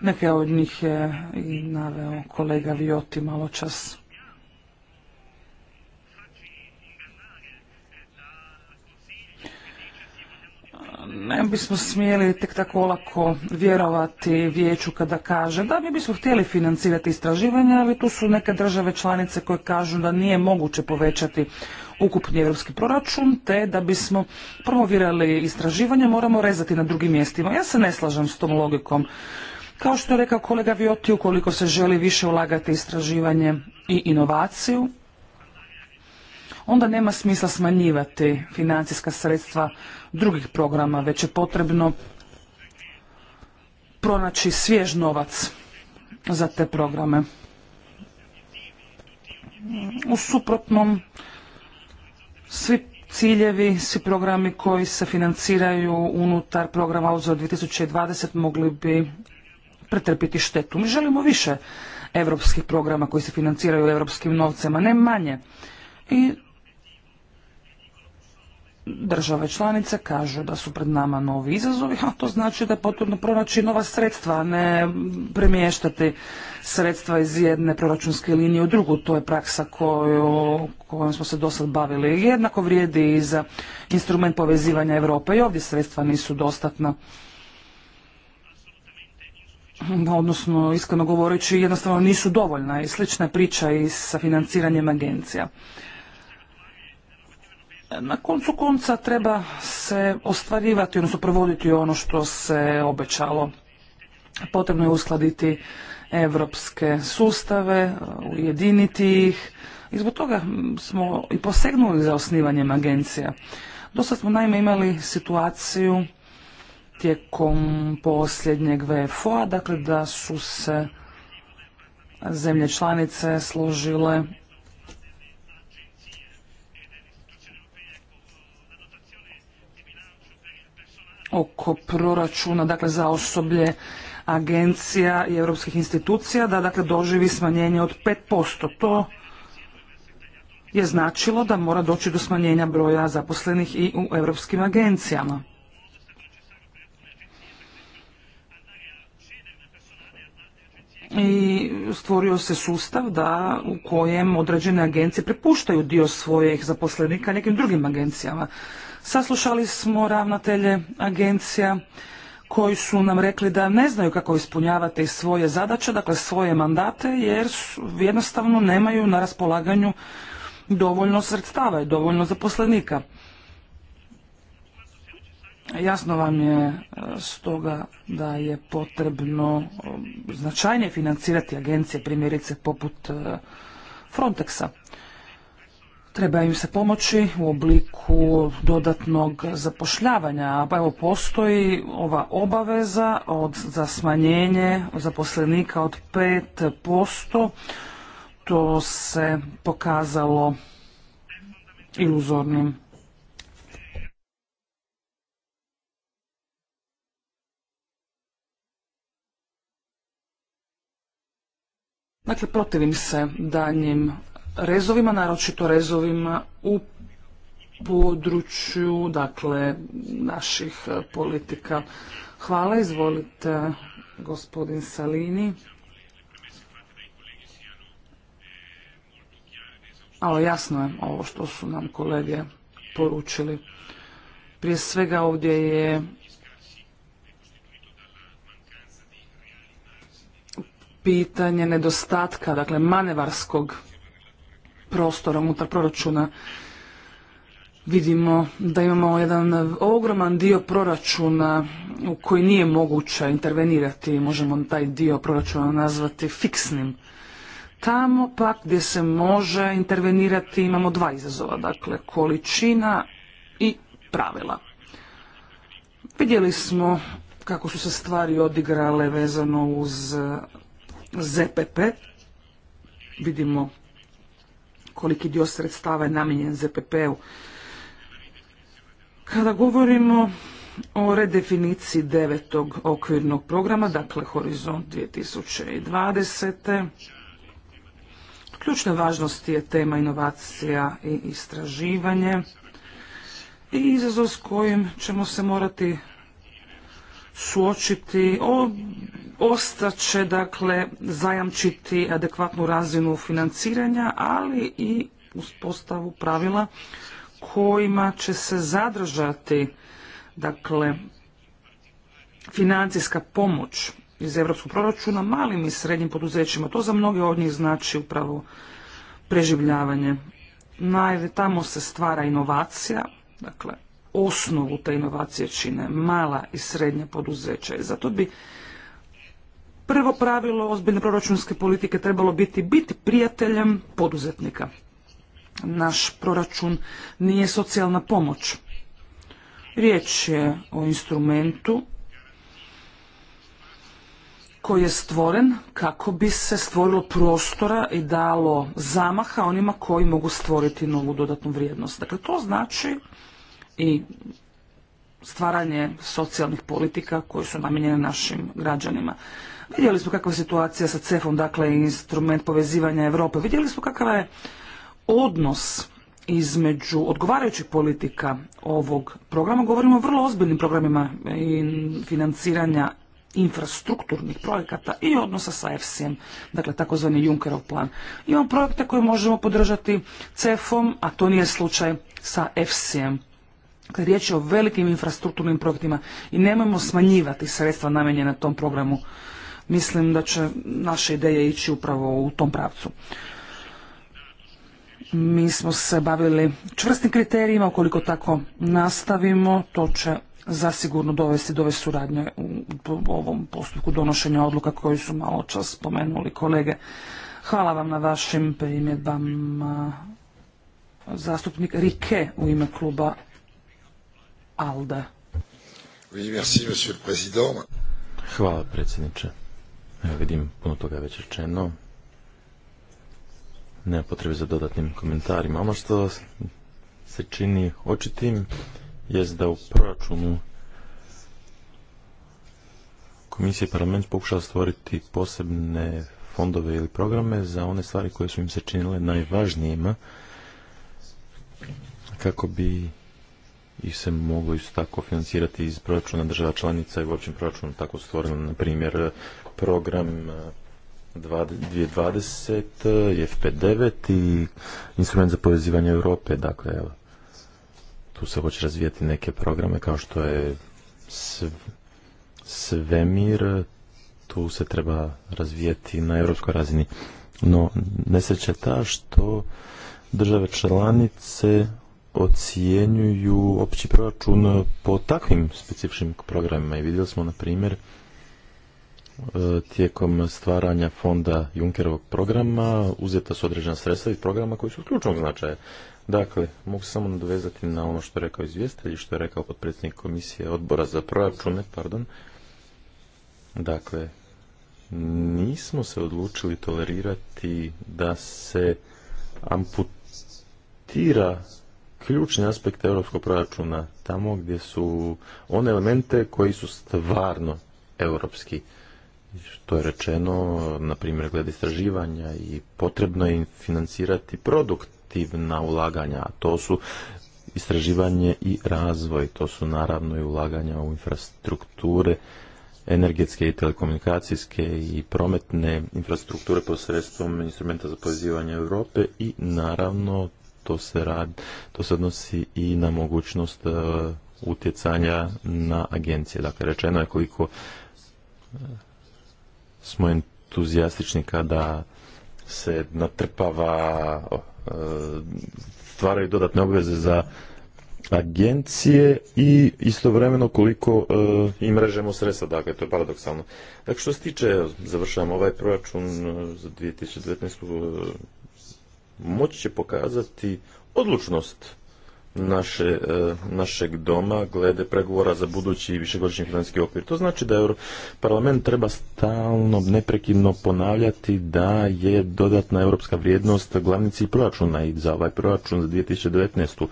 S3: Neke od njih je i naveo kolega Vioti malo čas. ne bismo smjeli tek tako olako vjerovati vijeću kada kaže da mi bismo htjeli financirati istraživanje, ali tu su neke države članice koje kažu da nije moguće povećati ukupni europski proračun, te da bismo promovirali istraživanje moramo rezati na drugim mjestima. Ja se ne slažem s tom logikom. Kao što je rekao kolega Vioti, ukoliko se želi više ulagati istraživanje i inovaciju, onda nema smisla smanjivati financijska sredstva drugih programa, već je potrebno pronaći svjež novac za te programe. U suprotnom, svi ciljevi, svi programi koji se financiraju unutar programa tisuće 2020 mogli bi pretrpiti štetu. Mi želimo više evropskih programa koji se financiraju europskim novcema ne manje. I države članice kažu da su pred nama novi izazovi, a to znači da je potrebno pronaći nova sredstva, a ne premještati sredstva iz jedne proračunske linije u drugu. To je praksa koju, kojom smo se dosad bavili. Jednako vrijedi i za instrument povezivanja Europe i ovdje sredstva nisu dostatna. Odnosno, iskreno govoreći, jednostavno nisu dovoljna i slična priča i sa financiranjem agencija. Na koncu konca treba se ostvarivati, odnosno provoditi ono što se obećalo. Potrebno je uskladiti evropske sustave, ujediniti ih i zbog toga smo i posegnuli za osnivanjem agencija. Do smo naime imali situaciju tijekom posljednjeg VFO-a, dakle da su se zemlje članice složile oko proračuna, dakle za osoblje agencija i europskih institucija, da dakle doživi smanjenje od 5%. To je značilo da mora doći do smanjenja broja zaposlenih i u europskim agencijama. i stvorio se sustav da u kojem određene agencije prepuštaju dio svojih zaposlenika nekim drugim agencijama. Saslušali smo ravnatelje agencija koji su nam rekli da ne znaju kako ispunjavati svoje zadaće, dakle svoje mandate, jer jednostavno nemaju na raspolaganju dovoljno sredstava i dovoljno zaposlenika. Jasno vam je e, stoga da je potrebno e, značajnije financirati agencije, primjerice poput e, Frontexa. Treba im se pomoći u obliku dodatnog zapošljavanja. Pa evo postoji ova obaveza od, za smanjenje zaposlenika od 5%. To se pokazalo
S1: iluzornim.
S3: Dakle, protivim se danjim rezovima, naročito rezovima u području dakle naših e, politika. Hvala, izvolite gospodin Salini. Ali jasno je ovo što su nam kolege poručili. Prije svega ovdje je pitanje nedostatka, dakle manevarskog prostora unutar proračuna. Vidimo da imamo jedan ogroman dio proračuna u koji nije moguće intervenirati, možemo taj dio proračuna nazvati fiksnim. Tamo pak gdje se može intervenirati imamo dva izazova, dakle količina i pravila. Vidjeli smo kako su se stvari odigrale vezano uz eh, ZPP. Vidimo koliki dio sredstava je namijenjen ZPP-u. Kada govorimo o redefiniciji devetog okvirnog programa, dakle Horizont 2020. Ključne važnosti je tema inovacija i istraživanje i izazov s kojim ćemo se morati suočiti, o, ostaće dakle zajamčiti adekvatnu razinu financiranja, ali i uspostavu pravila kojima će se zadržati dakle financijska pomoć iz europskog proračuna malim i srednjim poduzećima. To za mnoge od njih znači upravo preživljavanje. Naime, tamo se stvara inovacija, dakle osnovu te inovacije čine mala i srednja poduzeća. I zato bi prvo pravilo ozbiljne proračunske politike trebalo biti biti prijateljem poduzetnika. Naš proračun nije socijalna pomoć. Riječ je o instrumentu koji je stvoren kako bi se stvorilo prostora i dalo zamaha onima koji mogu stvoriti novu dodatnu vrijednost. Dakle, to znači i stvaranje socijalnih politika koje su namijenjene našim građanima. Vidjeli smo kakva je situacija sa CEF-om, dakle instrument povezivanja Europe. Vidjeli smo kakav je odnos između odgovarajućih politika ovog programa. Govorimo o vrlo ozbiljnim programima i financiranja infrastrukturnih projekata i odnosa sa efsi dakle takozvani Junckerov plan. Imamo projekte koje možemo podržati CEF-om, a to nije slučaj sa efsi Riječ je o velikim infrastrukturnim projektima i nemojmo smanjivati sredstva namijenjena tom programu. Mislim da će naše ideje ići upravo u tom pravcu. Mi smo se bavili čvrstim kriterijima, ukoliko tako nastavimo, to će zasigurno dovesti do suradnje u ovom postupku donošenja odluka koju su malo čas spomenuli kolege. Hvala vam na vašim primjedbama. Zastupnik Rike u ime kluba ALDE.
S1: Hvala predsjedniče. Ja vidim, puno toga je već rečeno. Nema potrebe za dodatnim komentarima. Ono što se čini očitim je da u proračunu Komisije i parlament pokušava stvoriti posebne fondove ili programe za one stvari koje su im se činile najvažnijima kako bi i se mogu isto tako financirati iz proračuna država članica i u općem proračunu tako stvoreno, na primjer, program 2020, eh, eh, FP9 i instrument za povezivanje Europe, dakle, evo, tu se hoće razvijati neke programe kao što je svemir, tu se treba razvijati na europskoj razini. No, nesreća je ta što države članice ocjenjuju opći proračun po takvim specifičnim programima i vidjeli smo na primjer e, tijekom stvaranja fonda Junkerovog programa uzeta su određena sredstva iz programa koji su ključnog značaja. Dakle, mogu se samo nadovezati na ono što je rekao izvjestitelj, i što je rekao potpredsjednik komisije odbora za proračune, pardon. Dakle, nismo se odlučili tolerirati da se amputira ključni aspekt europskog proračuna, tamo gdje su one elemente koji su stvarno europski. To je rečeno, na primjer, glede istraživanja i potrebno je financirati produktivna ulaganja, a to su istraživanje i razvoj, to su naravno i ulaganja u infrastrukture, energetske i telekomunikacijske i prometne infrastrukture posredstvom instrumenta za povezivanje Europe i naravno to se radi, to se odnosi i na mogućnost e, utjecanja na agencije. Dakle, rečeno je koliko e, smo entuzijastični kada se natrpava, e, stvaraju dodatne obveze za agencije i istovremeno koliko im mrežemo sredstva. Dakle, to je paradoksalno. Dakle, što se tiče, završavam ovaj proračun za 2019 moći će pokazati odlučnost naše, e, našeg doma glede pregovora za budući višegodišnji financijski okvir. To znači da parlament treba stalno, neprekidno ponavljati da je dodatna europska vrijednost glavnici proračuna i za ovaj proračun za 2019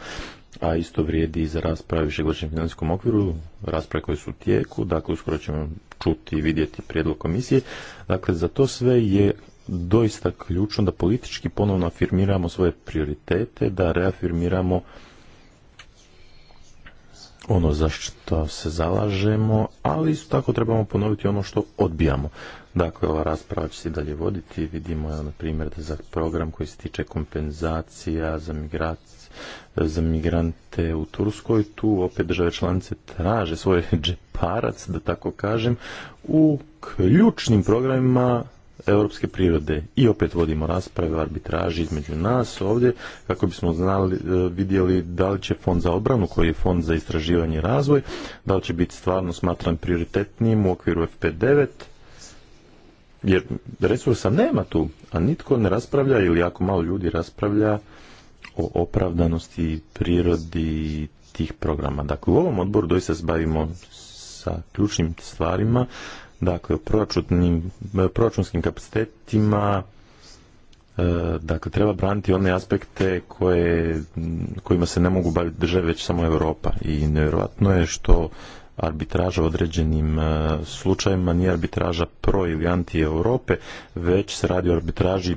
S1: a isto vrijedi i za rasprave višegodišnjem financijskom okviru, rasprave koje su u tijeku, dakle uskoro ćemo čuti i vidjeti prijedlog komisije. Dakle, za to sve je doista ključno da politički ponovno afirmiramo svoje prioritete, da reafirmiramo ono za što se zalažemo, ali isto tako trebamo ponoviti ono što odbijamo. Dakle, ova rasprava će se dalje voditi. Vidimo, na primjer, da za program koji se tiče kompenzacija za, za migrante u Turskoj, tu opet države članice traže svoj džeparac, da tako kažem, u ključnim programima europske prirode. I opet vodimo rasprave o arbitraži između nas ovdje kako bismo znali, e, vidjeli da li će fond za obranu, koji je fond za istraživanje i razvoj, da li će biti stvarno smatran prioritetnijim u okviru FP9, jer resursa nema tu, a nitko ne raspravlja ili jako malo ljudi raspravlja o opravdanosti prirodi tih programa. Dakle, u ovom odboru doista se bavimo sa ključnim stvarima Dakle, u e, proračunskim kapacitetima e, dakle, treba braniti one aspekte koje, kojima se ne mogu baviti države, već samo Europa. I nevjerojatno je što arbitraža u određenim e, slučajevima nije arbitraža pro ili anti Europe, već se radi o arbitraži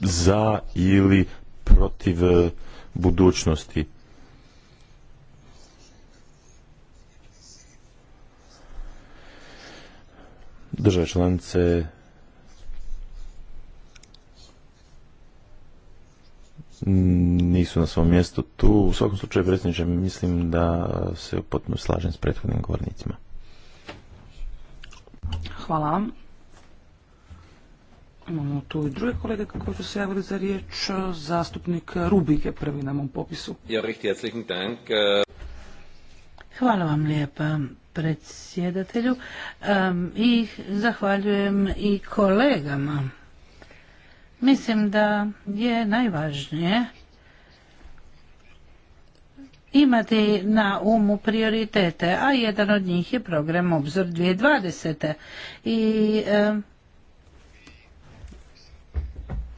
S1: za ili protiv budućnosti. države članice nisu na svom mjestu tu. U svakom slučaju, predsjedniče, mislim da se potpuno slažem s prethodnim govornicima.
S3: Hvala vam. Imamo tu i druge kolege kako su se javili za riječ. Zastupnik Rubike, je prvi na mom popisu.
S2: Ja, richtig, herzlichen Dank. Eh. Hvala vam lijepa predsjedatelju i zahvaljujem i kolegama. Mislim da je najvažnije imati na umu prioritete, a jedan od njih je program Obzor 2020. I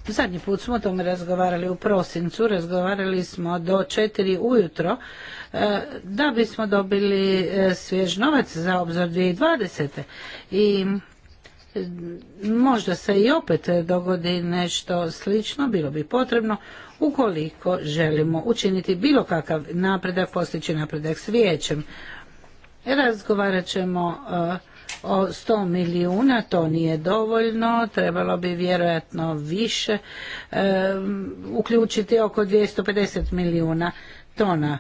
S2: Zadnji put smo o tome razgovarali u prosincu, razgovarali smo do četiri ujutro e, da bismo dobili e, svjež novac za obzor 2020. I možda se i opet dogodi nešto slično, bilo bi potrebno ukoliko želimo učiniti bilo kakav napredak, postići napredak s vijećem. Razgovarat ćemo e, o 100 milijuna, to nije dovoljno, trebalo bi vjerojatno više e, uključiti oko 250 milijuna tona.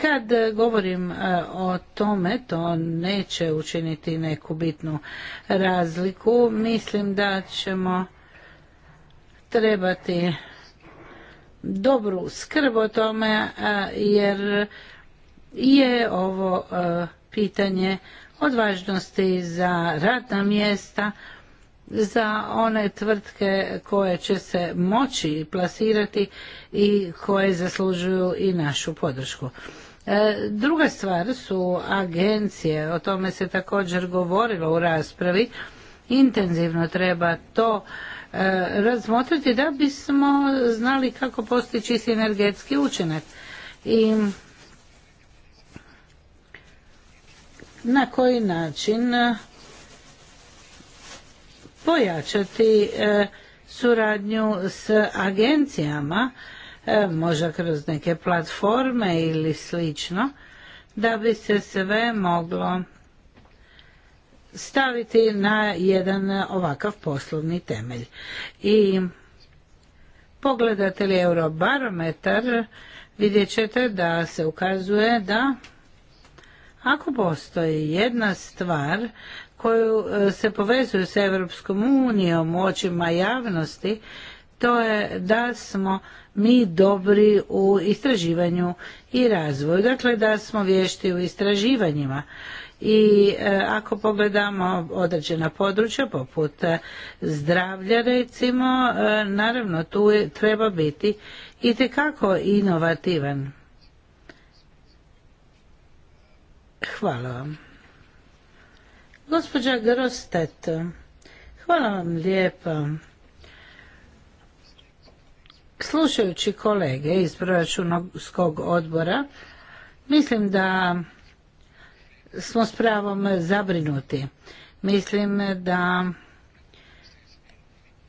S2: Kad govorim e, o tome, to neće učiniti neku bitnu razliku. Mislim da ćemo trebati dobru skrb o tome, jer je ovo e, pitanje Odvažnosti za radna mjesta, za one tvrtke koje će se moći plasirati i koje zaslužuju i našu podršku. E, druga stvar su agencije, o tome se također govorilo u raspravi, intenzivno treba to e, razmotriti da bismo znali kako postići sinergetski učinak. I na koji način e, pojačati e, suradnju s agencijama, e, možda kroz neke platforme ili slično, da bi se sve moglo staviti na jedan ovakav poslovni temelj. I pogledate li eurobarometar, vidjet ćete da se ukazuje da ako postoji jedna stvar koju e, se povezuju s Europskom unijom u očima javnosti, to je da smo mi dobri u istraživanju i razvoju, dakle da smo vješti u istraživanjima. I e, ako pogledamo određena područja poput e, zdravlja recimo, naravno tu je, treba biti i itekako inovativan. Hvala vam. Gospođa Grostet, hvala vam lijepa. Slušajući kolege iz proračunskog odbora, mislim da smo s pravom zabrinuti. Mislim da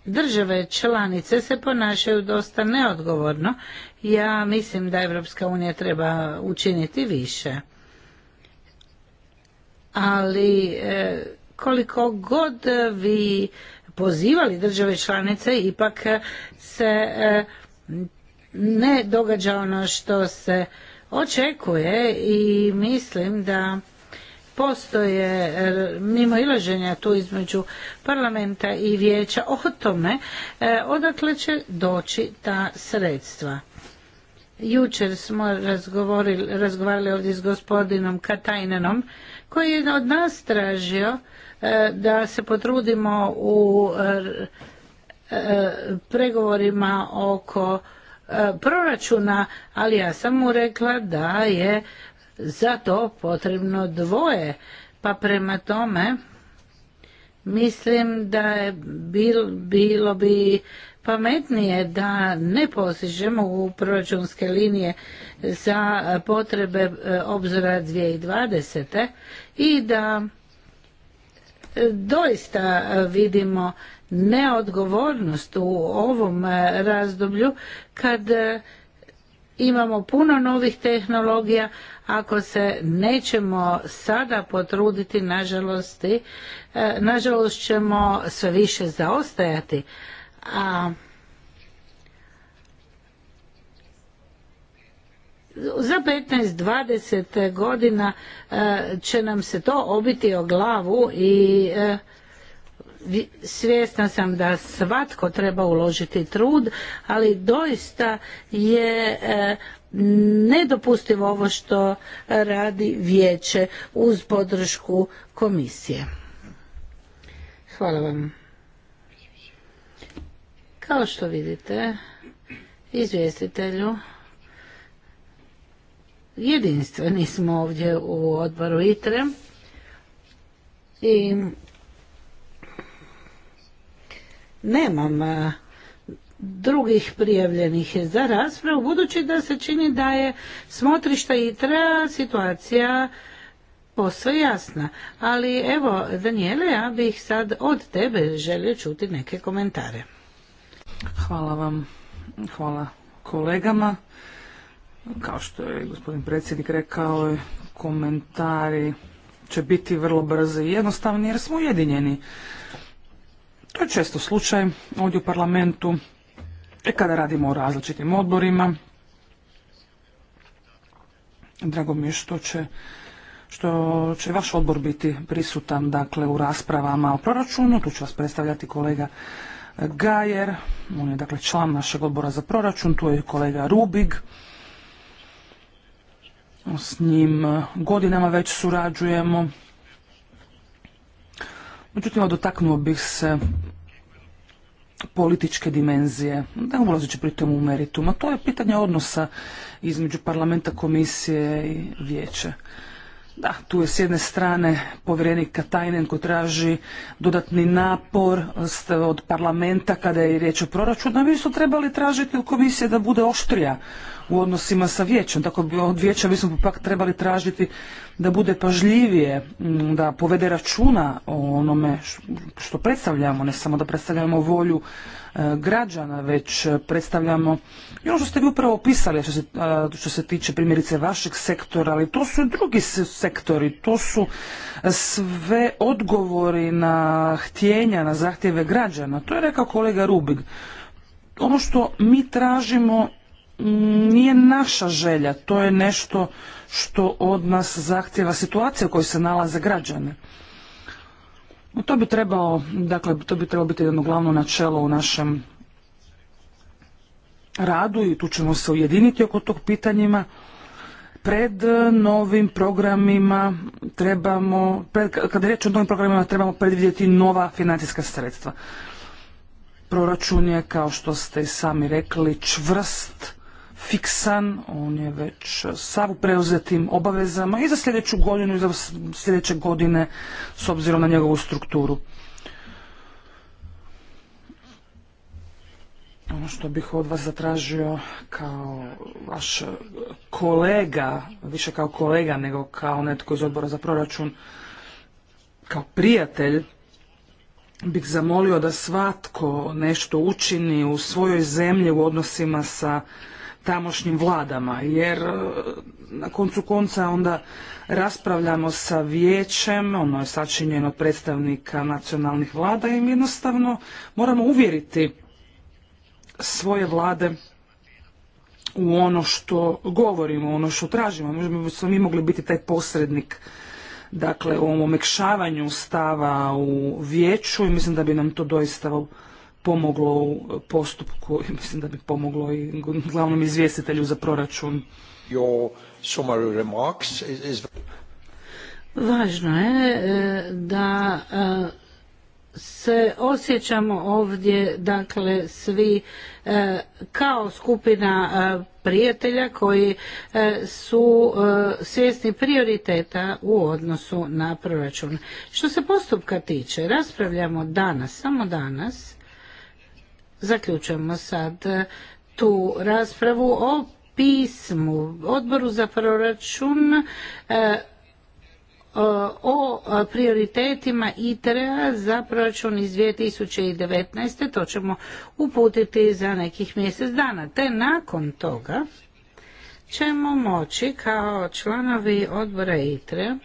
S2: države članice se ponašaju dosta neodgovorno. Ja mislim da Evropska unija treba učiniti više ali e, koliko god vi pozivali države članice ipak se e, ne događa ono što se očekuje i mislim da postoje e, mimo ilaženja tu između parlamenta i vijeća o tome odakle će doći ta sredstva. Jučer smo razgovarali ovdje s gospodinom Katajnenom koji je od nas tražio e, da se potrudimo u e, e, pregovorima oko proračuna, ali ja sam mu rekla da je za to potrebno dvoje, pa prema tome mislim da je bilo bi pametnije da ne posižemo u proračunske linije za potrebe e, obzora 2020. i da e, doista vidimo neodgovornost u ovom e, razdoblju kad imamo puno novih tehnologija ako se nećemo sada potruditi nažalost nažalost ćemo sve više zaostajati a, za 15-20 godina e, će nam se to obiti o glavu i e, svjesna sam da svatko treba uložiti trud, ali doista je e, nedopustivo ovo što radi vijeće uz podršku komisije. Hvala vam. Kao što vidite, izvjestitelju jedinstveni smo ovdje u odboru ITRE i nemam eh, drugih prijavljenih za raspravu, budući da se čini da je smotrišta ITRA situacija posve jasna. Ali evo, Danijele, ja bih sad od tebe želio čuti neke komentare. Hvala vam. Hvala kolegama.
S3: Kao što je gospodin predsjednik rekao, komentari će biti vrlo brzi i jednostavni jer smo ujedinjeni. To je često slučaj ovdje u parlamentu i e, kada radimo o različitim odborima. Drago mi je što će što će vaš odbor biti prisutan dakle u raspravama o proračunu, tu će vas predstavljati kolega Gajer, on je dakle član našeg odbora za proračun, tu je kolega Rubig, s njim e, godinama već surađujemo. Međutim, dotaknuo bih se političke dimenzije, ne ulazeći pritom u meritum, a to je pitanje odnosa između parlamenta, komisije i vijeće. Da, tu je s jedne strane povjerenik Katajnen koji traži dodatni napor od parlamenta kada je riječ o proračunu, a mi su trebali tražiti u komisije da bude oštrija u odnosima sa vijećem. Tako bi od vijeća smo pak trebali tražiti da bude pažljivije, da povede računa o onome što predstavljamo, ne samo da predstavljamo volju građana, već predstavljamo i ono što ste vi upravo opisali što se, tiče primjerice vašeg sektora, ali to su i drugi sektori, to su sve odgovori na htjenja, na zahtjeve građana. To je rekao kolega Rubig. Ono što mi tražimo nije naša želja, to je nešto što od nas zahtjeva situacija u kojoj se nalaze građane. To bi trebao, dakle, to bi trebalo biti jedno glavno načelo u našem radu i tu ćemo se ujediniti oko tog pitanjima. Pred novim programima trebamo, pred, kada je riječ o novim programima trebamo predvidjeti nova financijska sredstva. Proračun je, kao što ste i sami rekli, čvrst fiksan, on je već sav preuzetim obavezama i za sljedeću godinu i za sljedeće godine s obzirom na njegovu strukturu. Ono što bih od vas zatražio kao vaš kolega, više kao kolega nego kao netko iz odbora za proračun, kao prijatelj, bih zamolio da svatko nešto učini u svojoj zemlji u odnosima sa tamošnjim vladama, jer e, na koncu konca onda raspravljamo sa vijećem, ono je sačinjeno predstavnika nacionalnih vlada i jednostavno moramo uvjeriti svoje vlade u ono što govorimo, ono što tražimo. Možda smo mi mogli biti taj posrednik dakle u omekšavanju stava u vijeću i mislim da bi nam to doista pomoglo u postupku i mislim da bi pomoglo i glavnom izvjestitelju za proračun.
S2: Važno je e, da e, se osjećamo ovdje dakle svi e, kao skupina prijatelja koji su svjesni prioriteta u odnosu na proračun. Što se postupka tiče, raspravljamo danas, samo danas, Zaključujemo sad e, tu raspravu o pismu odboru za proračun e, o prioritetima ITRE-a za proračun iz 2019. To ćemo uputiti za nekih mjesec dana. Te nakon toga ćemo moći kao članovi odbora ITRE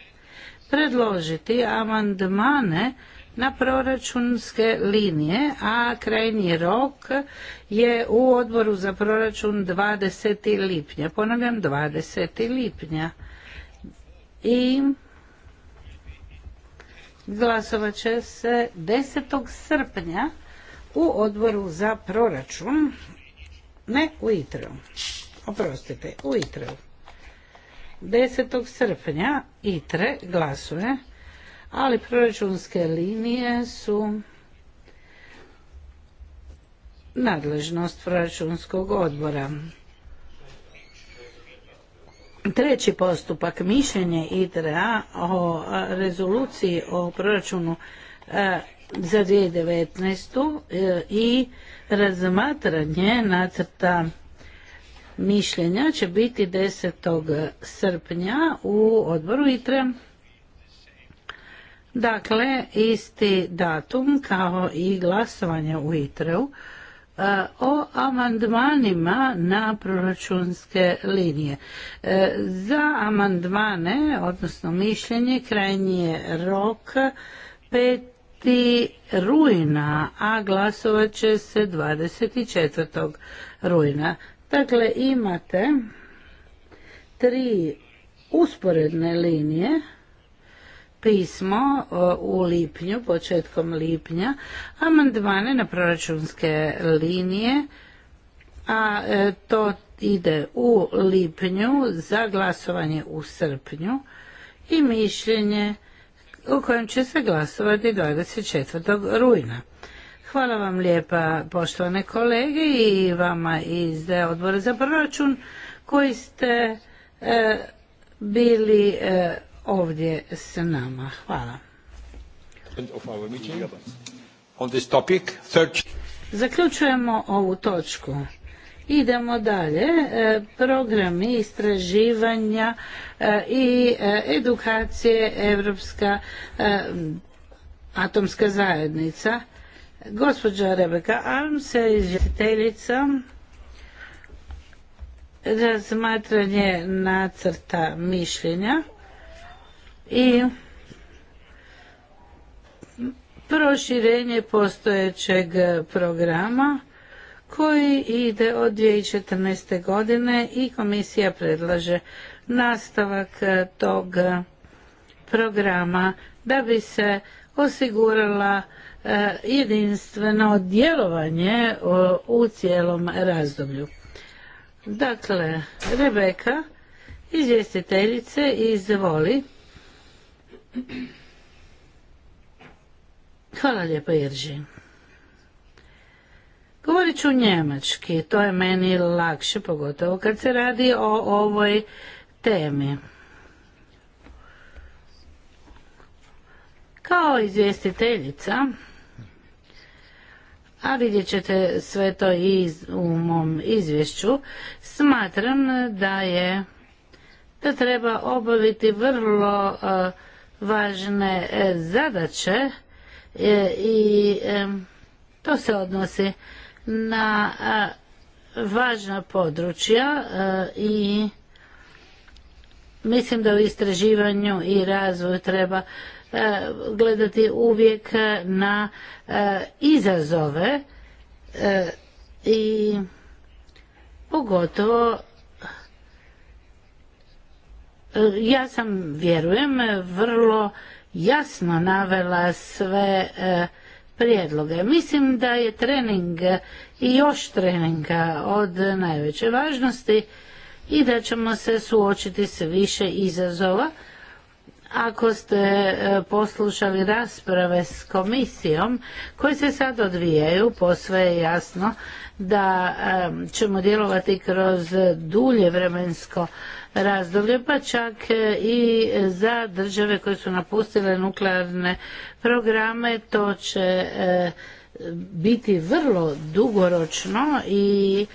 S2: predložiti amandmane na proračunske linije, a krajnji rok je u odboru za proračun 20. lipnja. Ponavljam, 20. lipnja. I glasovat će se 10. srpnja u odboru za proračun, ne u Itre. oprostite, u itre 10. srpnja ITRE glasuje ali proračunske linije su nadležnost proračunskog odbora. Treći postupak, mišljenje ITRA o rezoluciji o proračunu za 2019. E, i razmatranje nacrta mišljenja će biti 10. srpnja u odboru ITRA. Dakle, isti datum kao i glasovanje u ITREU e, o amandmanima na proračunske linije. E, za amandmane, odnosno mišljenje, krajnji je rok 5. rujna, a glasovat će se 24. rujna. Dakle, imate tri usporedne linije pismo e, u lipnju, početkom lipnja, amandmane na proračunske linije, a e, to ide u lipnju za glasovanje u srpnju i mišljenje u kojem će se glasovati 24. rujna. Hvala vam lijepa poštovane kolege i vama iz odbora za proračun koji ste e, bili ovdje s nama. Hvala. Zaključujemo ovu točku. Idemo dalje. E, programi istraživanja e, i e, edukacije Evropska atomska zajednica. Gospođa Rebeka Arms je izvjetiteljica razmatranje nacrta mišljenja i proširenje postojećeg programa koji ide od 2014. godine i komisija predlaže nastavak e, tog programa da bi se osigurala e, jedinstveno djelovanje e, u cijelom razdoblju. Dakle, Rebeka, izvjestiteljice, izvoli. Hvala lijepo Irži. Govorit ću njemački, to je meni lakše, pogotovo kad se radi o ovoj temi. Kao izvjestiteljica, a vidjet ćete sve to i u mom izvješću, smatram da je da treba obaviti vrlo eh, važne e, zadaće e, i e, to se odnosi na važna područja i mislim da u istraživanju i razvoju treba gledati uvijek na izazove i pogotovo ja sam, vjerujem, vrlo jasno navela sve e, prijedloge. Mislim da je trening i još treninga od najveće važnosti i da ćemo se suočiti s više izazova. Ako ste e, poslušali rasprave s komisijom koje se sad odvijaju, posve je jasno da e, ćemo djelovati kroz dulje vremensko razdoblje, pa čak e, i za države koje su napustile nuklearne programe, to će e, biti vrlo dugoročno i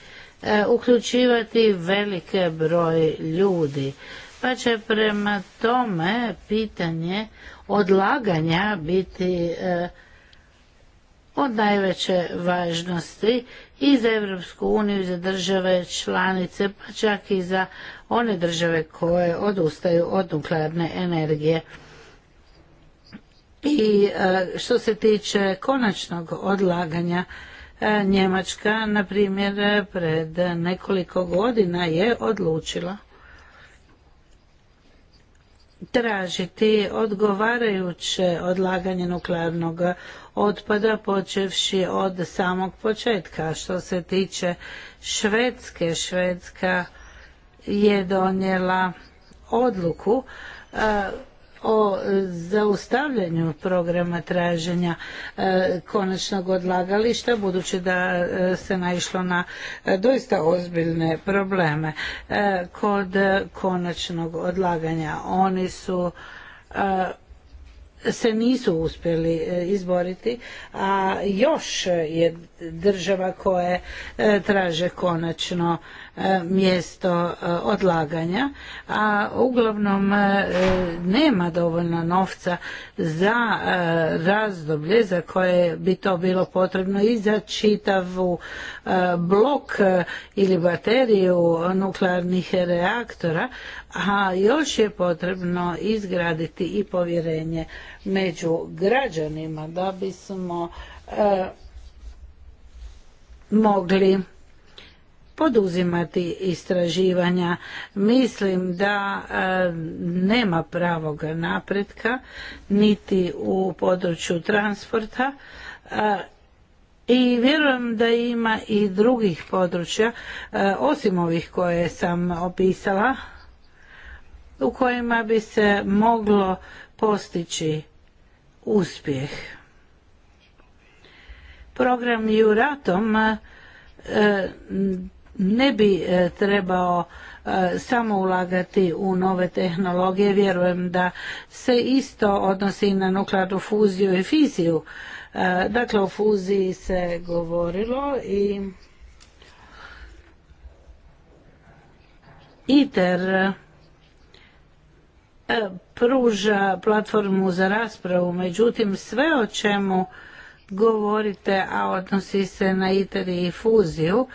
S2: e, uključivati velike broj ljudi. Pa će prema tome pitanje odlaganja biti od najveće važnosti i za EU, uniju, i za države članice, pa čak i za one države koje odustaju od nuklearne energije. I e, što se tiče konačnog odlaganja, e, Njemačka, na primjer, pred nekoliko godina je odlučila tražiti odgovarajuće odlaganje nuklearnog otpada počevši od samog početka. Što se tiče Švedske, Švedska je donijela odluku e, o zaustavljanju programa traženja e, konačnog odlagališta budući da e, se naišlo na doista ozbiljne probleme kod konačnog odlaganja. Oni su se nisu uspjeli izboriti, a još je država koje traže konačno E, mjesto e, odlaganja, a uglavnom e, nema dovoljno novca za razdoblje za koje bi to bilo potrebno i za čitavu blok ili bateriju nuklearnih reaktora, a još je potrebno izgraditi i povjerenje među građanima da bismo mogli poduzimati istraživanja. Mislim da e, nema pravog napretka niti u području transporta e, i vjerujem da ima i drugih područja e, osim ovih koje sam opisala u kojima bi se moglo postići uspjeh. Program Juratom ne bi e, trebao e, samo ulagati u nove tehnologije, vjerujem da se isto odnosi na nuklearnu fuziju i fiziju. E, dakle, o fuziji se govorilo i ITER pruža platformu za raspravu, međutim sve o čemu govorite, a odnosi se na ITER i fuziju,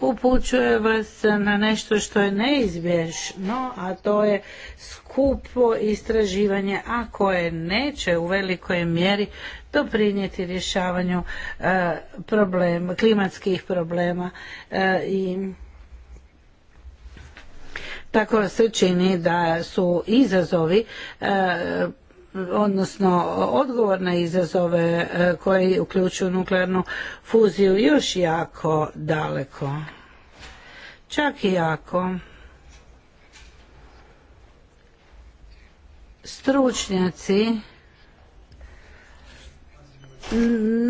S2: upućuje vas na nešto što je neizbježno, a to je skupo istraživanje, a koje neće u velikoj mjeri doprinijeti rješavanju e, klimatskih problema e, i tako se čini da su izazovi e, odnosno odgovor na izazove e, koji uključuju nuklearnu fuziju još jako daleko. Čak i jako stručnjaci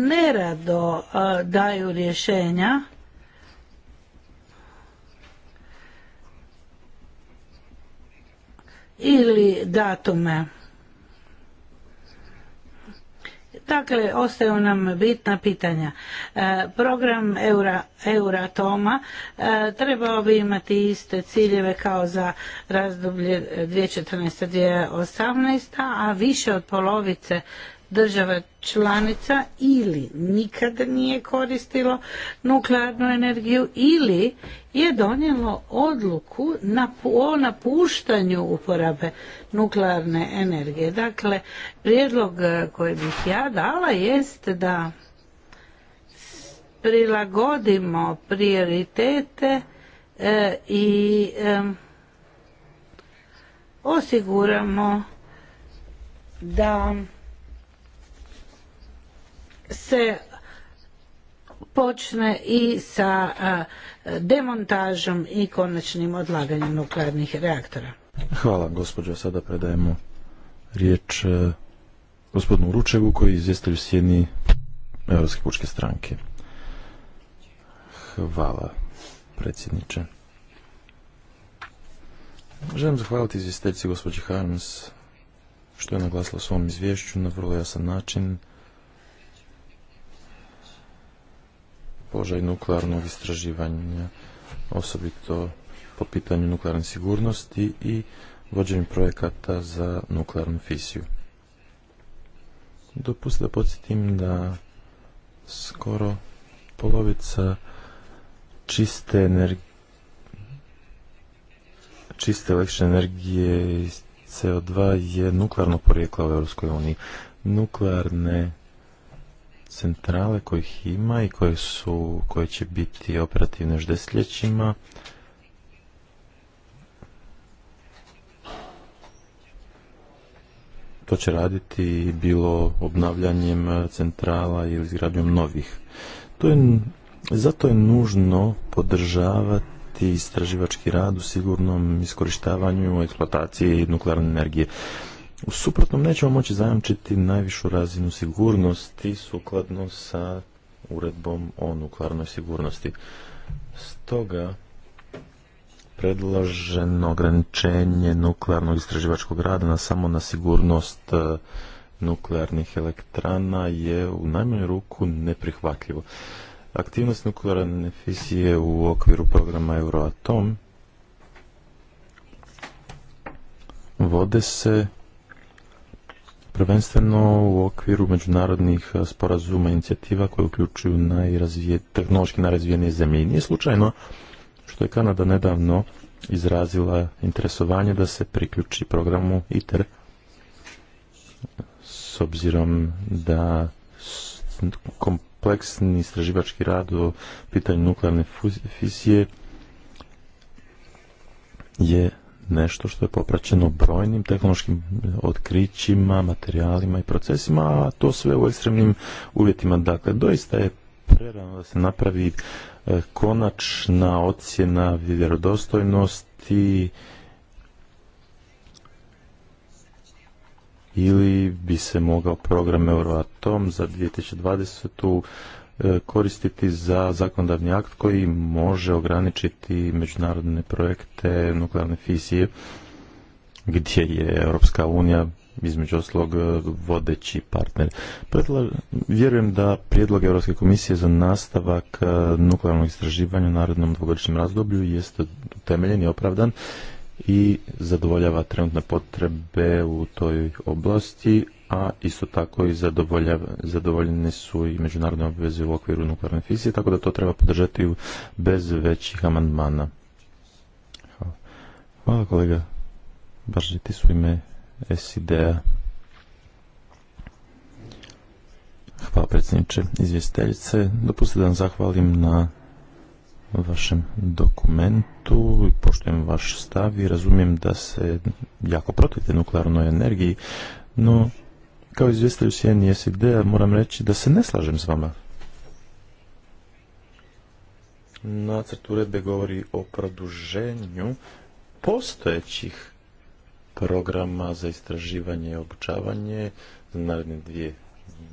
S2: nerado e, daju rješenja ili datume. Dakle, ostaju nam bitna pitanja. E, program Eura, Euratoma e, trebao bi imati iste ciljeve kao za razdoblje 2014-2018, a više od polovice država članica ili nikada nije koristilo nuklearnu energiju ili je donijelo odluku o napuštanju uporabe nuklearne energije. Dakle, prijedlog e, koji bih ja dala jest da prilagodimo prioritete e, i e, osiguramo da se počne i sa demontažom i konačnim odlaganjem nuklearnih reaktora.
S1: Hvala gospođo, sada predajemo riječ e, gospodinu Ručevu koji u sjeni Europske pučke stranke. Hvala predsjedniče. Želim zahvaliti izvjesteljci gospođi Harms što je naglasila u svom izvješću na vrlo jasan način položaj nuklearnog istraživanja, osobito po pitanju nuklearne sigurnosti i vođenju projekata za nuklearnu fisiju. Dopustite da podsjetim da skoro polovica čiste energije čiste električne energije CO2 je nuklearno porijekla u EU. uniji. Nuklearne centrale kojih ima i koje, su, koje će biti operativne još desetljećima. To će raditi bilo obnavljanjem eh, centrala ili izgradnjom novih. To je, zato je nužno podržavati istraživački rad u sigurnom iskorištavanju eksploatacije i nuklearne energije. U suprotnom nećemo moći zajamčiti najvišu razinu sigurnosti sukladno sa uredbom o nuklearnoj sigurnosti. Stoga predloženo ograničenje nuklearnog istraživačkog rada na samo na sigurnost e, nuklearnih elektrana je u najmanju ruku neprihvatljivo. Aktivnost nuklearne fisije u okviru programa Euroatom vode se prvenstveno u okviru međunarodnih e, sporazuma inicijativa koje uključuju tehnološki najrazvijenije zemlje. I nije slučajno što je Kanada nedavno izrazila interesovanje da se priključi programu ITER s obzirom da kompleksni istraživački rad o pitanju nuklearne fizije je nešto što je popraćeno brojnim tehnološkim otkrićima, materijalima i procesima, a to sve u ekstremnim uvjetima. Dakle, doista je prerano da se napravi e, konačna ocjena vjerodostojnosti ili bi se mogao program Euroatom za 2020 koristiti za zakonodavni akt koji može ograničiti međunarodne projekte nuklearne fisije gdje je Europska unija između oslog vodeći partner. Predla, vjerujem da prijedlog Europske komisije za nastavak e, nuklearnog istraživanja u narednom dvogodišnjem razdoblju jest utemeljen i opravdan i zadovoljava trenutne potrebe u toj oblasti, a isto tako i zadovoljene su i međunarodne obveze u okviru nuklearne fizije, tako da to treba podržati bez većih amandmana. Hvala. kolega. Bržiti su ime SID-a. Hvala predsjedniče izvjestiteljice. Dopustite da vam zahvalim na vašem dokumentu i poštujem vaš stav i razumijem da se jako protivite nuklearnoj energiji, no kao izvjestitelj Sjeni SID moram reći da se ne slažem s vama. Nacrt uredbe govori o produženju postojećih programa za istraživanje i obučavanje za naredne dvije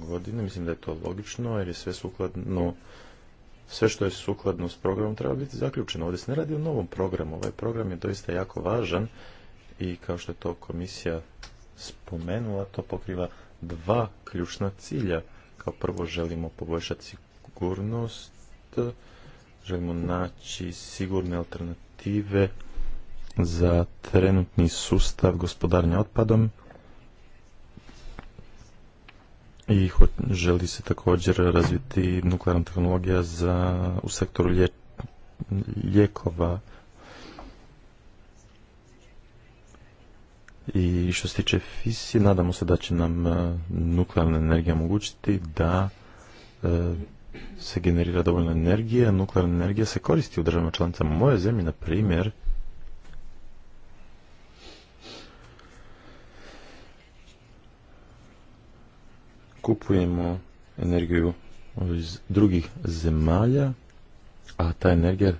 S1: godine. Mislim da je to logično jer je sve sukladno sve što je sukladno s programom treba biti zaključeno. Ovdje se ne radi o novom programu. Ovaj program je doista jako važan i kao što je to komisija spomenula, to pokriva dva ključna cilja. Kao prvo želimo poboljšati sigurnost, želimo naći sigurne alternative za trenutni sustav gospodarnja otpadom i želi se također razviti nuklearna tehnologija u sektoru lijekova I što se tiče fisi, nadamo se da će nam e, nuklearna energija omogućiti da e, se generira dovoljna energija. nuklearna energija se koristi u državama članicama. moje zemlje zemlji, na primjer, kupujemo energiju iz drugih zemalja, a ta energija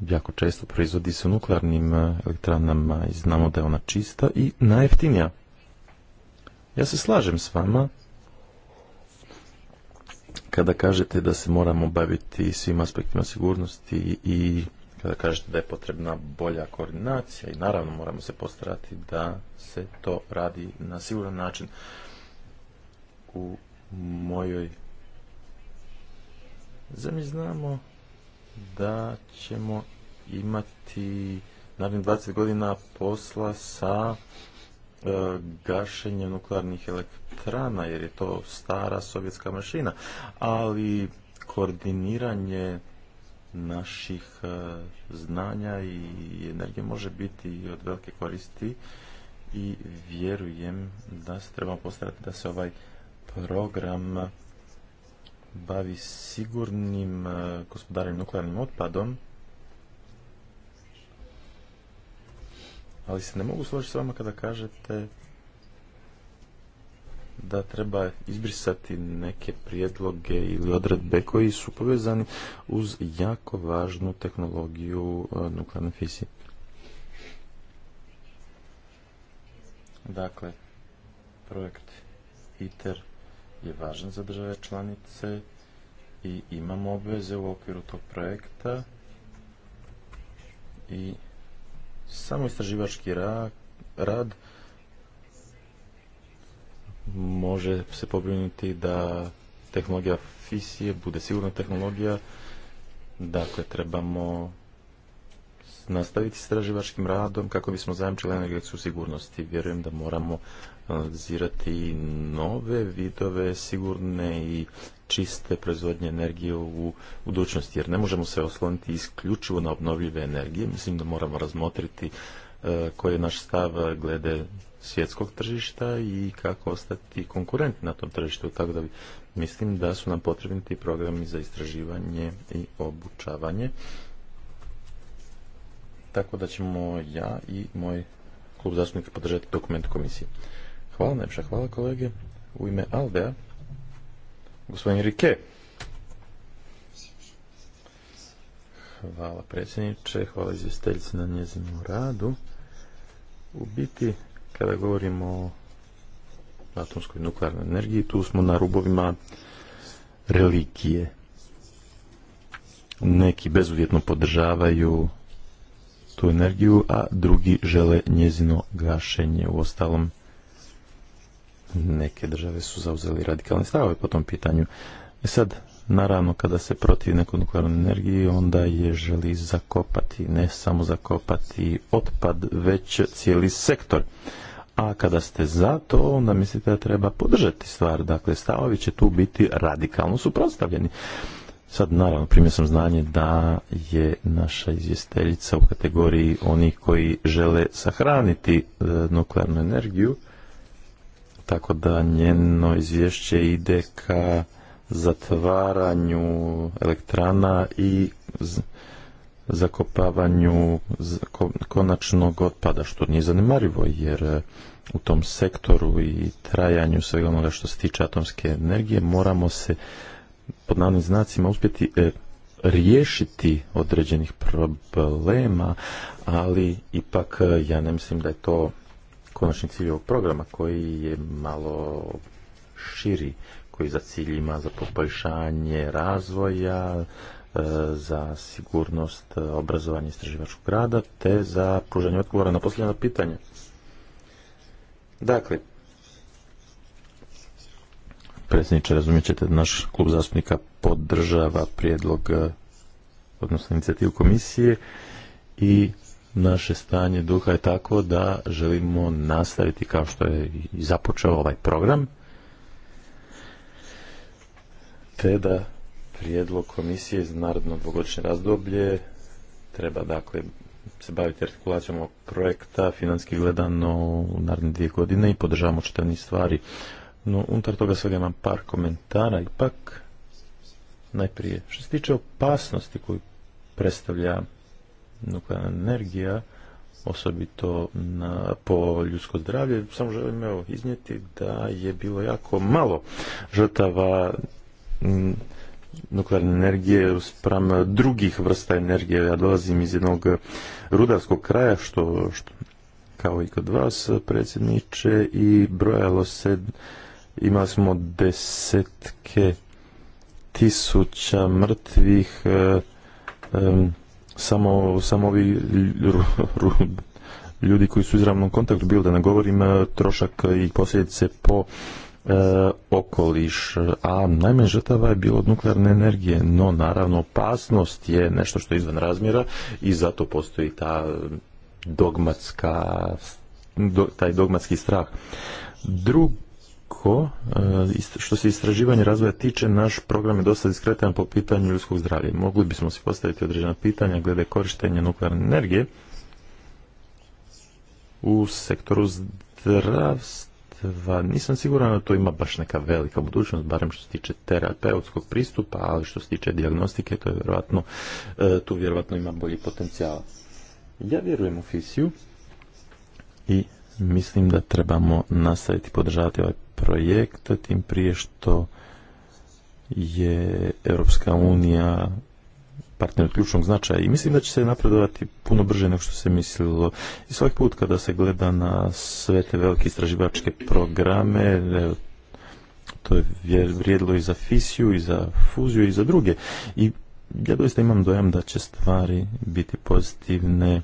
S1: jako često proizvodi se u nuklearnim e, elektranama i znamo da je ona čista i najjeftinija. Ja se slažem s vama kada kažete da se moramo baviti svim aspektima sigurnosti i kada kažete da je potrebna bolja koordinacija i naravno moramo se postarati da se to radi na siguran način. U mojoj zemlji znamo da ćemo imati narednih 20 godina posla sa e, gašenjem nuklearnih elektrana, jer je to stara sovjetska mašina, ali koordiniranje naših e, znanja i energije može biti od velike koristi i vjerujem da se treba postarati da se ovaj program bavi sigurnim e, gospodarenjem nuklearnim otpadom, ali se ne mogu složiti s vama kada kažete da treba izbrisati neke prijedloge ili odredbe koji su povezani uz jako važnu tehnologiju e, nuklearne fisije. Dakle, projekt ITER je važan za države članice i imamo obveze u okviru tog projekta i samo istraživački rad može se pobrinuti da tehnologija fisije bude sigurna tehnologija dakle trebamo nastaviti s istraživačkim radom kako bismo zajamčili energetsku sigurnost vjerujem da moramo analizirati nove vidove sigurne i čiste proizvodnje energije u budućnosti jer ne možemo se osloniti isključivo na obnovljive energije. Mislim da moramo razmotriti e, koji je naš stav glede svjetskog tržišta i kako ostati konkurentni na tom tržištu. Tako da mislim da su nam potrebni ti programi za istraživanje i obučavanje tako da ćemo ja i moj klub zastupnika podržati dokument komisije. Hvala najpša, hvala kolege. U ime Aldea, gospodin Rike. Hvala predsjedniče, hvala izvjestiteljice na njezinu radu. U biti, kada govorimo o atomskoj nuklearnoj energiji, tu smo na rubovima relikije. Neki bezuvjetno podržavaju tu energiju, a drugi žele njezino gašenje. U ostalom, neke države su zauzeli radikalne stavove po tom pitanju. E sad, naravno, kada se protiv nekoj nuklearnoj energiji, onda je želi zakopati, ne samo zakopati otpad, već cijeli sektor. A kada ste za to, onda mislite da treba podržati stvar. Dakle, stavovi će tu biti radikalno suprotstavljeni. Sad, naravno, primio sam znanje da je naša izvjesteljica u kategoriji onih koji žele sahraniti e, nuklearnu energiju, tako da njeno izvješće ide ka zatvaranju elektrana i zakopavanju konačnog otpada, što nije zanimarivo, jer e, u tom sektoru i trajanju svega onoga što se tiče atomske energije moramo se pod navnim znacima uspjeti e, riješiti određenih problema, ali ipak e, ja ne mislim da je to konačni cilj ovog programa koji je malo širi, koji za cilj ima za poboljšanje razvoja, e, za sigurnost obrazovanja istraživačkog rada te za pružanje odgovora na posljedna pitanja. Dakle, predsjedniče, razumijete, da naš klub zastupnika podržava prijedlog, e, odnosno inicijativu komisije i naše stanje duha je tako da želimo nastaviti kao što je i započeo ovaj program te da prijedlog komisije za narodno dvogodišnje razdoblje treba dakle se baviti artikulacijom ovog projekta finanski gledano u naredne dvije godine i podržavamo čitavnih stvari no, unutar toga svega imam par komentara, ipak najprije. Što se tiče opasnosti koju predstavlja nuklearna energija, osobito na, po ljudsko zdravlje, samo želim evo iznijeti da je bilo jako malo žrtava nuklearne energije spram drugih vrsta energije. Ja dolazim iz jednog rudarskog kraja, što, što kao i kod vas, predsjedniče, i brojalo se imali smo desetke tisuća mrtvih e, e, samo, samo ovi ljudi koji su u izravnom kontaktu bilo da ne govorim e, trošak i posljedice po okoliš, a najmanje žrtava je bilo od nuklearne energije, no naravno opasnost je nešto što je izvan razmjera i zato postoji ta dogmatska, taj dogmatski strah. Drug, Ko, e, što se istraživanje razvoja tiče, naš program je dosta diskretan po pitanju ljudskog zdravlja. Mogli bismo si postaviti određena pitanja glede korištenja nuklearne energije u sektoru zdravstva. Nisam siguran da to ima baš neka velika budućnost, barem što se tiče terapeutskog pristupa, ali što se tiče diagnostike, to je vjerojatno, e, tu vjerojatno ima bolji potencijal. Ja vjerujem u Fisiju i mislim da trebamo nastaviti podržavati ovaj projekta, tim prije što je Europska unija partner od ključnog značaja i mislim da će se napredovati puno brže nego što se mislilo. I svaki put kada se gleda na sve te velike istraživačke programe, to je vrijedilo i za fisiju, i za fuziju, i za druge. I ja doista imam dojam da će stvari biti pozitivne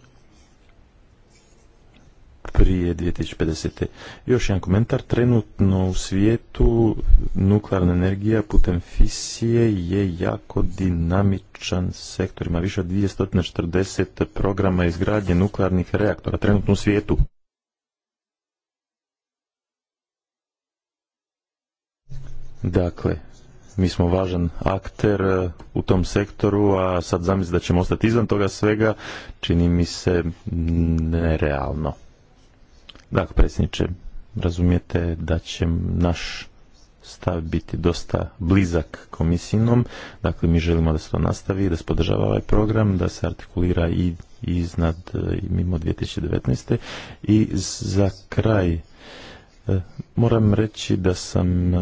S1: prije 2050. Još jedan komentar. Trenutno u svijetu nuklearna energija putem fisije je jako dinamičan sektor. Ima više od 240 programa izgradnje nuklearnih reaktora trenutno u svijetu. Dakle, mi smo važan akter e, u tom sektoru, a sad zamisli da ćemo ostati izvan toga svega, čini mi se nerealno. Dakle, predsjedniče, razumijete da će naš stav biti dosta blizak komisijnom, Dakle, mi želimo da se to nastavi, da se podržava ovaj program, da se artikulira i iznad i mimo 2019. I za kraj e, moram reći da sam e,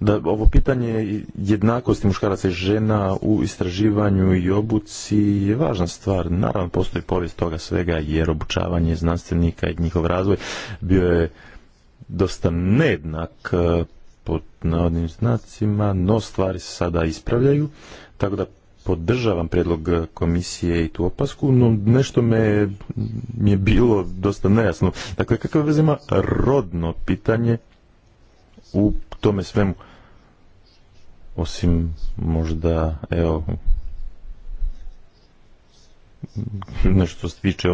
S1: da ovo pitanje jednakosti muškaraca i žena u istraživanju i obuci je važna stvar. Naravno, postoji povijest toga svega jer obučavanje znanstvenika i njihov razvoj bio je dosta nejednak eh, pod navodnim znacima, no stvari se sada ispravljaju, tako da podržavam predlog komisije i tu opasku, no nešto me mi je bilo dosta nejasno. Dakle, kakve veze ima rodno pitanje u tome svemu. Osim možda, evo, nešto se tiče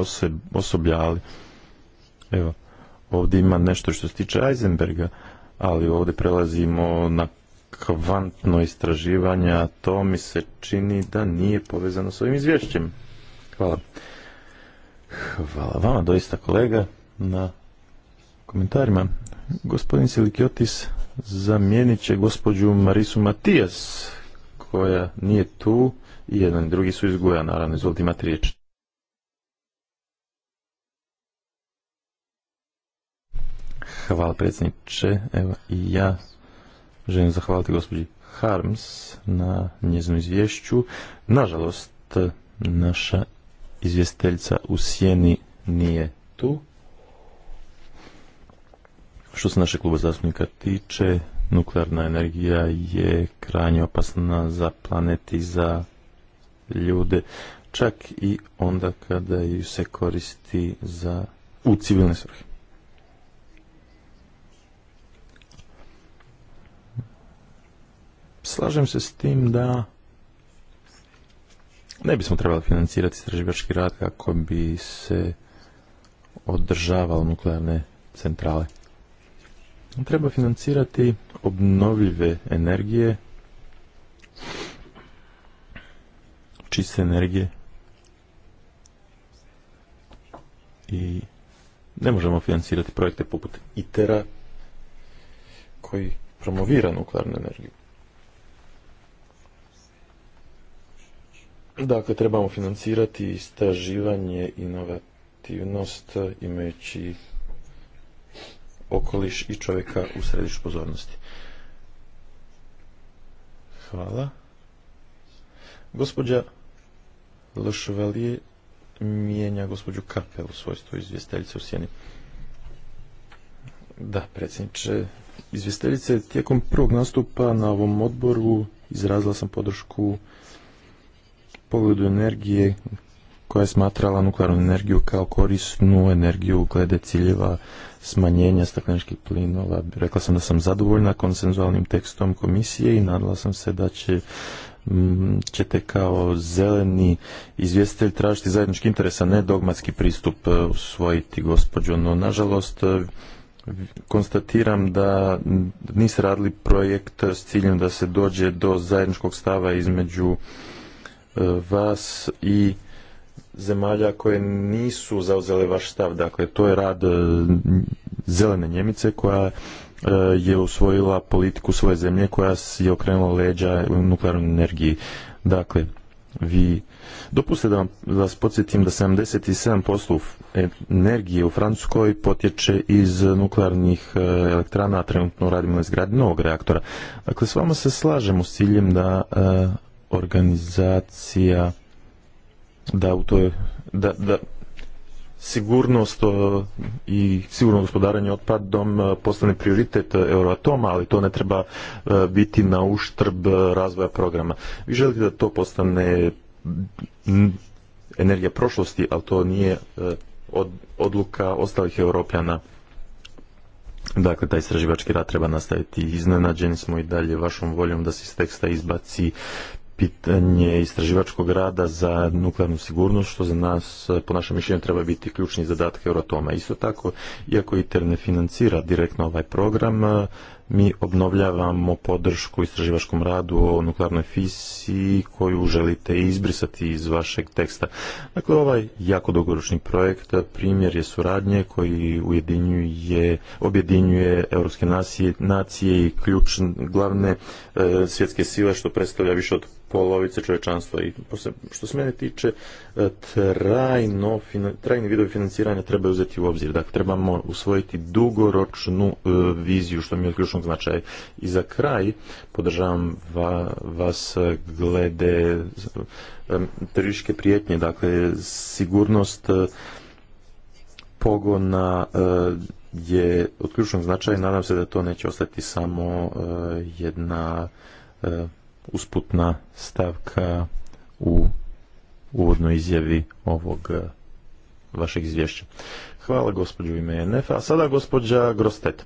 S1: osoblja, ali evo, ovdje ima nešto što se tiče Eisenberga, ali ovdje prelazimo na kvantno istraživanje, a to mi se čini da nije povezano s ovim izvješćem. Hvala. Hvala vama doista kolega na komentarima. Gospodin Silikiotis zamijenit će gospođu Marisu Matijas, koja nije tu i jedan i drugi su izgoja, naravno, izvolite imati riječ. Hvala predsjedniče, evo i ja želim zahvaliti gospođi Harms na njeznu izvješću. Nažalost, naša izvjestiteljica u sjeni nije tu. Što se naše kluba zastupnika tiče, nuklearna energija je krajnje opasna za planet i za ljude, čak i onda kada ju se koristi za, u civilne svrhe. Slažem se s tim da ne bismo trebali financirati istraživački rad kako bi se održavalo nuklearne centrale treba financirati obnovljive energije, čiste energije i ne možemo financirati projekte poput ITERA koji promovira nuklearnu energiju. Dakle, trebamo financirati istraživanje, inovativnost, imajući okoliš i čovjeka u središtu pozornosti. Hvala. Gospodja Lešvelije mijenja gospođu Kapel u svojstvu izvjesteljice u Sjeni. Da, predsjedniče. Izvjesteljice, tijekom prvog nastupa na ovom odboru izrazila sam podršku pogledu energije koja je smatrala nuklearnu energiju kao korisnu energiju glede ciljeva smanjenja stakleničkih plinova. Rekla sam da sam zadovoljna konsenzualnim tekstom komisije i nadala sam se da će mm, ćete kao zeleni izvjestitelj tražiti zajednički interes, a ne dogmatski pristup e, usvojiti gospođo. No, nažalost, e, konstatiram da niste radili projekt s ciljem da se dođe do zajedničkog stava između e, vas i zemalja koje nisu zauzele vaš stav. Dakle, to je rad e, zelene Njemice koja e, je usvojila politiku svoje zemlje koja je okrenula leđa u nuklearnoj energiji. Dakle, vi dopustite da, vas podsjetim da 77% energije u Francuskoj potječe iz nuklearnih e, elektrana, a trenutno radimo na izgradnji novog reaktora. Dakle, s vama se slažemo s ciljem da organizacija da u toj da, da sigurnost i sigurno gospodaranje otpadom e, postane prioritet e, Euroatoma, ali to ne treba e, biti na uštrb razvoja programa. Vi želite da to postane energija prošlosti, ali to nije odluka ostalih europljana. Dakle, taj istraživački rad treba nastaviti. Iznenađeni smo i dalje vašom voljom da se iz teksta izbaci pitanje istraživačkog rada za nuklearnu sigurnost, što za nas, po našem mišljenju, treba biti ključni zadatak Euratoma. Isto tako, iako ITER ne financira direktno ovaj program, mi obnovljavamo podršku istraživačkom radu o nuklearnoj fisi koju želite izbrisati iz vašeg teksta. Dakle, ovaj jako dugoročni projekt primjer je suradnje koji ujedinjuje, objedinjuje europske nacije, nacije i ključne glavne e, svjetske sile što predstavlja više od polovice čovječanstva i što se mene tiče e, trajno, trajni vidovi financiranja treba uzeti u obzir. Dakle, trebamo usvojiti dugoročnu e, viziju što mi je ključno značaja. I za kraj podržavam vas glede terorističke prijetnje, dakle sigurnost e, pogona e, je od ključnog značaja i nadam se da to neće ostati samo e, jedna usputna stavka u uvodnoj izjavi ovog vašeg izvješća. Hvala gospođu ime NF, a sada gospođa Grostet.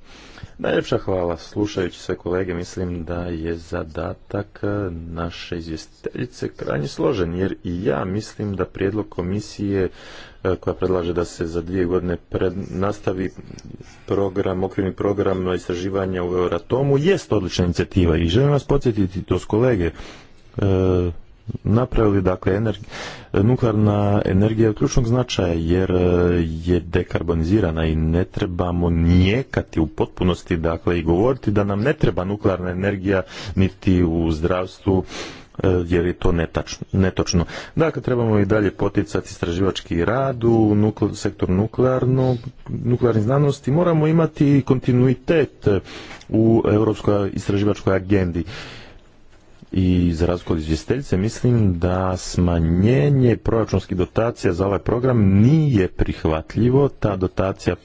S1: Najljepša hvala. Slušajući sve kolege, mislim da je zadatak e, naše izvjestiteljice krajnje složen, jer i ja mislim da prijedlog komisije e, koja predlaže da se za dvije godine nastavi program, okvirni program istraživanja u Euratomu, jest odlična inicijativa i želim vas podsjetiti, to s kolege, e, napravili, dakle, energi, nuklearna energija je od ključnog značaja jer e, je dekarbonizirana i ne trebamo nijekati u potpunosti, dakle, i govoriti da nam ne treba nuklearna energija niti u zdravstvu e, jer je to netačno, netočno. Dakle, trebamo i dalje poticati istraživački rad u sektor nuklearne znanosti. Moramo imati kontinuitet u Europskoj istraživačkoj agendi i za razliku od izvjestiteljice mislim da smanjenje proračunskih dotacija za ovaj program nije prihvatljivo. Ta dotacija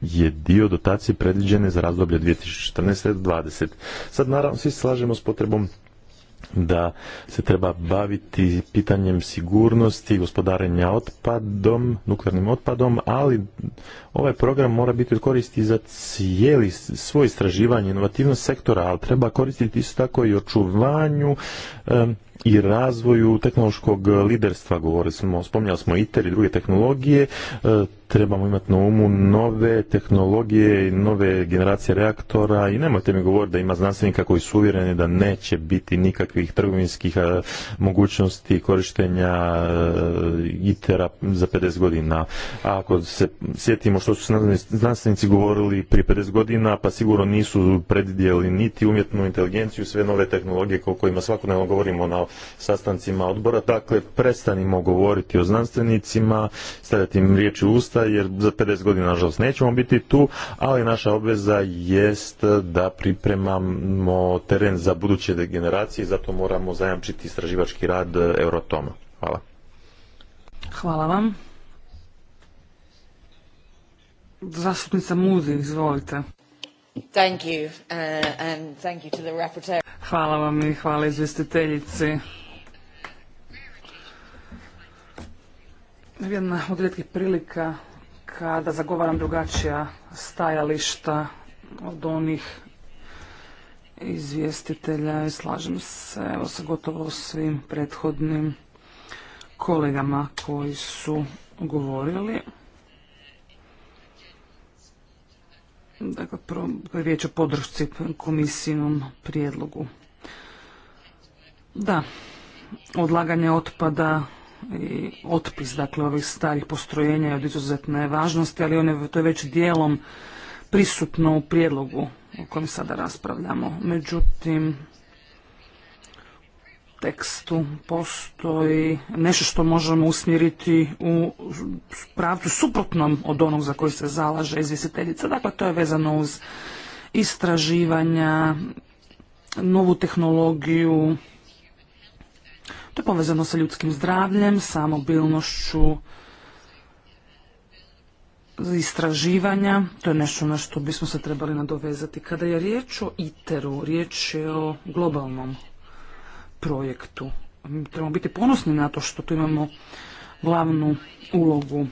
S1: je dio dotacije predviđene za razdoblje 2014-2020. Sad naravno svi slažemo s potrebom da se treba baviti pitanjem sigurnosti, gospodarenja otpadom, nuklearnim otpadom, ali ovaj program mora biti koristi za cijeli svoj istraživanje, inovativnost sektora, ali treba koristiti isto tako i očuvanju i razvoju tehnološkog liderstva govorili smo, spominjali smo ITER i druge tehnologije, e, trebamo imati na umu nove tehnologije i nove generacije reaktora i nemojte mi govoriti da ima znanstvenika koji su uvjereni da neće biti nikakvih trgovinskih e, mogućnosti korištenja e, ITER-a za 50 godina. A ako se sjetimo što su znanstvenici govorili prije 50 godina, pa sigurno nisu predvidjeli niti umjetnu inteligenciju, sve nove tehnologije o kojima svakodnevno govorimo na sastancima odbora. Dakle, prestanimo govoriti o znanstvenicima, stavljati im riječi u usta, jer za 50 godina, nažalost, nećemo biti tu, ali naša obveza jest da pripremamo teren za buduće generacije, zato moramo zajamčiti istraživački rad Eurotoma. Hvala.
S3: Hvala vam. Zastupnica Muzi, izvolite.
S2: Uh,
S3: hvala vam i hvala izvjestiteljici. Jedna od rijetkih prilika kada zagovaram drugačija stajališta od onih izvjestitelja i slažem se evo, sa gotovo svim prethodnim kolegama koji su govorili. dakle, prvo riječ o podršci komisijnom prijedlogu. Da, odlaganje otpada i otpis dakle ovih starih postrojenja je od izuzetne važnosti, ali on to je već dijelom prisutno u prijedlogu o kojem sada raspravljamo. Međutim, tekstu postoji nešto što možemo usmjeriti u pravcu suprotnom od onog za koji se zalaže izvjestiteljica. Dakle, to je vezano uz istraživanja, novu tehnologiju, to je povezano sa ljudskim zdravljem, samobilnošću, istraživanja. To je nešto na što bismo se trebali nadovezati. Kada je riječ o ITER-u, riječ je o globalnom projektu. Mi trebamo biti ponosni na to što tu imamo glavnu ulogu.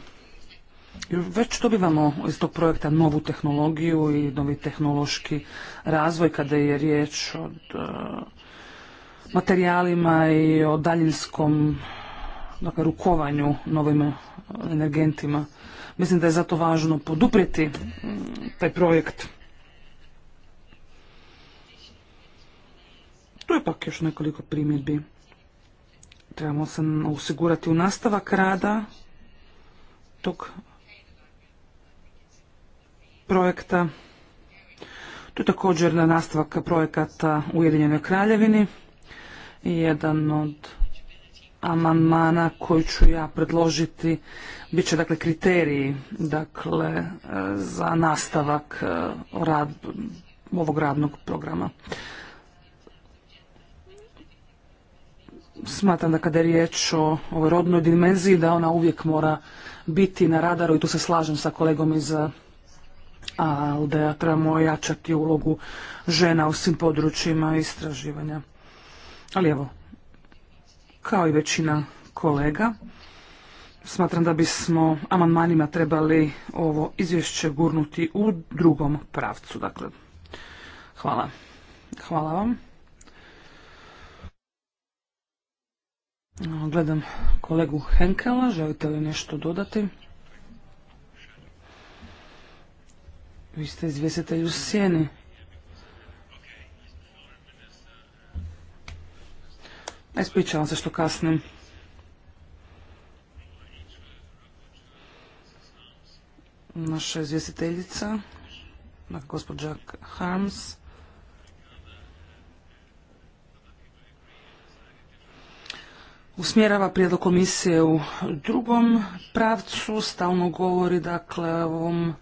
S3: Već dobivamo iz tog projekta novu tehnologiju i novi tehnološki razvoj kada je riječ o e, materijalima i o daljinskom dakle, rukovanju novim e, energentima. Mislim da je zato važno poduprijeti taj projekt. Tu je pak još nekoliko primjedbi. Trebamo se osigurati u nastavak rada tog projekta. Tu je također nastavak projekata Ujedinjenoj kraljevini. Jedan od amandmana koji ću ja predložiti bit će dakle kriteriji dakle za nastavak eh, rad, ovog radnog programa. smatram da kada je riječ o ovoj rodnoj dimenziji da ona uvijek mora biti na radaru i tu se slažem sa kolegom iz a Trebamo ojačati ulogu žena u svim područjima istraživanja. Ali evo, kao i većina kolega, smatram da bismo amandmanima trebali ovo izvješće gurnuti u drugom pravcu. Dakle, hvala. Hvala vam. Gledam kolegu Henkela, želite li nešto dodati? Vi ste izvjestitelj u sjeni. Ispričavam se što kasnim. Naša izvjestiteljica, gospođa Harms, usmjerava prijedlog komisije u drugom pravcu, stalno govori dakle o ovom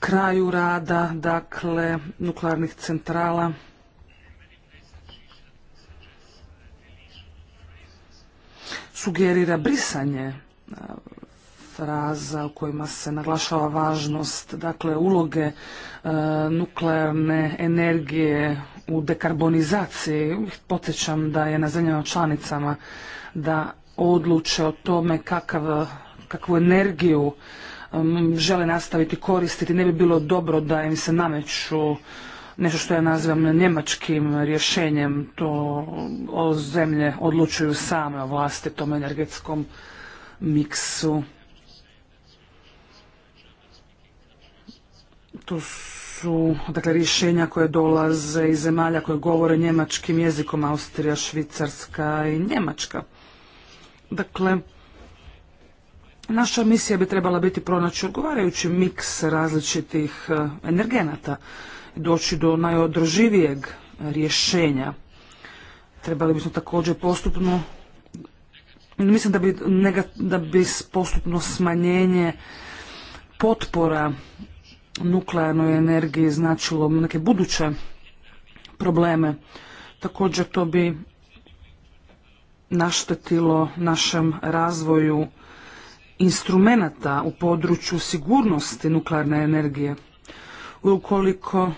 S3: kraju rada, dakle nuklearnih centrala. Sugerira brisanje e, fraza u kojima se naglašava važnost, dakle uloge e, nuklearne energije u dekarbonizaciji. Podsjećam da je na zemljama članicama da odluče o tome kakav, kakvu energiju um, žele nastaviti koristiti. Ne bi bilo dobro da im se nameću nešto što ja nazivam njemačkim rješenjem. To o zemlje odlučuju same o vlastitom energetskom miksu. Tu su dakle, rješenja koje dolaze iz zemalja koje govore njemačkim jezikom, Austrija, Švicarska i Njemačka. Dakle, naša misija bi trebala biti pronaći odgovarajući miks različitih e, energenata, doći do najodrživijeg rješenja. Trebali bismo također postupno mislim da bi, da bi postupno smanjenje potpora nuklearnoj energiji značilo neke buduće probleme. Također to bi naštetilo našem razvoju instrumenata u području sigurnosti nuklearne energije. Ukoliko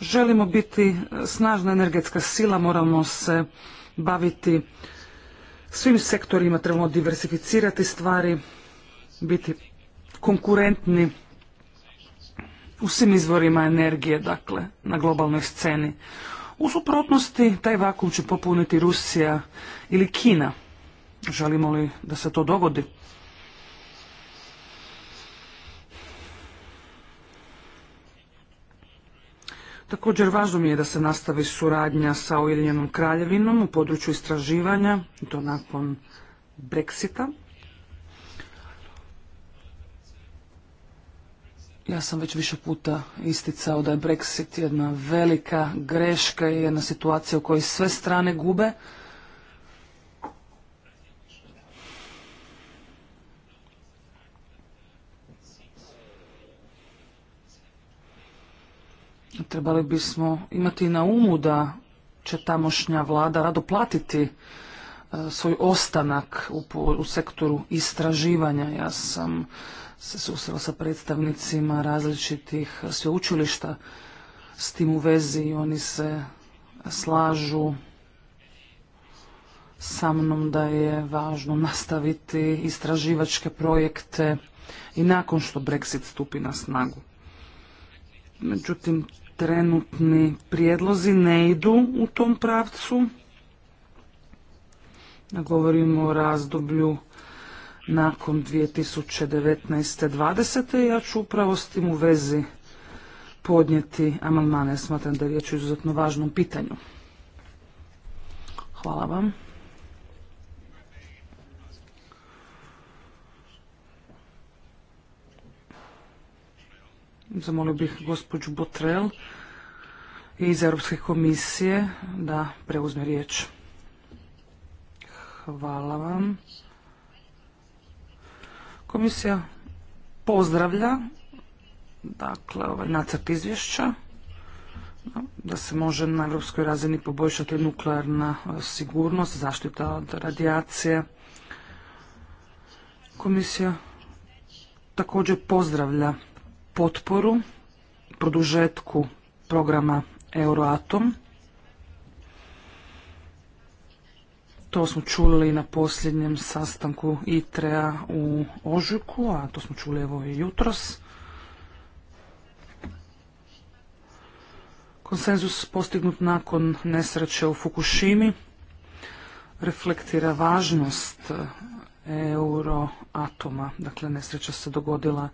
S3: želimo biti snažna energetska sila, moramo se baviti svim sektorima, trebamo diversificirati stvari, biti konkurentni u svim izvorima energije, dakle, na globalnoj sceni. U suprotnosti, taj vakum će popuniti Rusija ili Kina. Želimo li da se to dogodi? Također važno mi je da se nastavi suradnja sa Ujedinjenom kraljevinom u području istraživanja, i to nakon Brexita. Ja sam već više puta isticao da je Brexit jedna velika greška i jedna situacija u kojoj sve strane gube. Trebali bismo imati na umu da će tamošnja vlada rado platiti E, svoj ostanak u, u sektoru istraživanja. Ja sam se susrela sa predstavnicima različitih sveučilišta s tim u vezi i oni se slažu sa mnom da je važno nastaviti istraživačke projekte i nakon što Brexit stupi na snagu. Međutim, trenutni prijedlozi ne idu u tom pravcu. Govorimo o razdoblju nakon 2019. 20. Ja ću upravo s tim u vezi podnijeti amandmane. Smatram da je riječ o izuzetno važnom pitanju. Hvala vam. Zamolio bih gospođu Botrel iz Europske komisije da preuzme riječ. Hvala vam. Komisija pozdravlja dakle, ovaj nacrt izvješća da se može na europskoj razini poboljšati nuklearna e, sigurnost, zaštita od radijacije. Komisija također pozdravlja potporu produžetku programa Euroatom To smo čuli na posljednjem sastanku ITREA u Ožujku, a to smo čuli evo i jutros. Konsenzus postignut nakon nesreće u Fukushimi reflektira važnost e, euroatoma. Dakle, nesreća se dogodila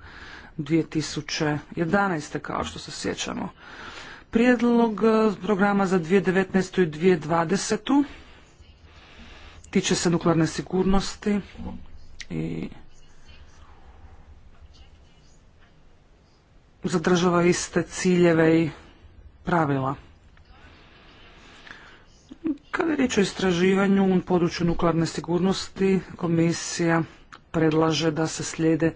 S3: 2011. kao što se sjećamo. Prijedlog e, programa za 2019. i 2020 tiče se nuklearne sigurnosti i zadržava iste ciljeve i pravila. Kada je riječ o istraživanju u području nuklearne sigurnosti, komisija predlaže da se slijede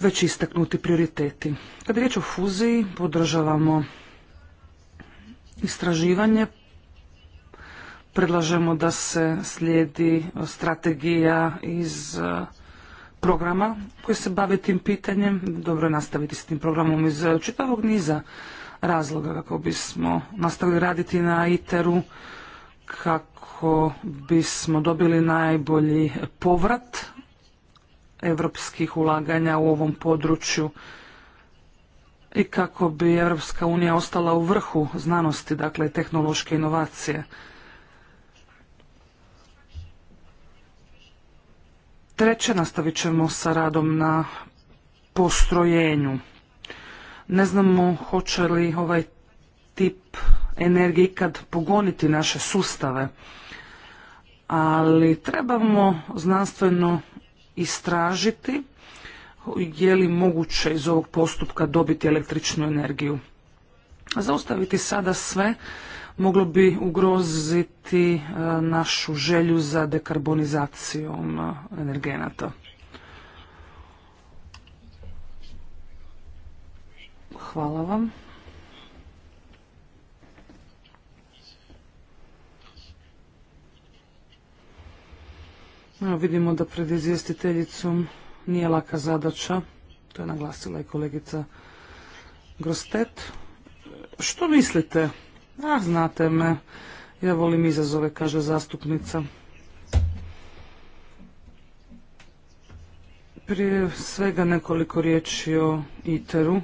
S3: već istaknuti prioriteti. Kada je riječ o fuziji, podržavamo istraživanje Predlažemo da se slijedi strategija iz e, programa koji se bave tim pitanjem. Dobro je nastaviti s tim programom iz e, čitavog niza razloga kako bismo nastavili raditi na ITER-u, kako bismo dobili najbolji povrat evropskih ulaganja u ovom području i kako bi Europska unija ostala u vrhu znanosti, dakle tehnološke inovacije. treće nastavit ćemo sa radom na postrojenju. Ne znamo hoće li ovaj tip energije ikad pogoniti naše sustave, ali trebamo znanstveno istražiti je li moguće iz ovog postupka dobiti električnu energiju. Zaustaviti sada sve moglo bi ugroziti e, našu želju za dekarbonizacijom e, energenata. Hvala vam. vidimo da pred izvjestiteljicom nije laka zadaća, to je naglasila i kolegica Grostet. Što mislite a, znate me, ja volim izazove, kaže zastupnica. Prije svega nekoliko riječi o ITER-u.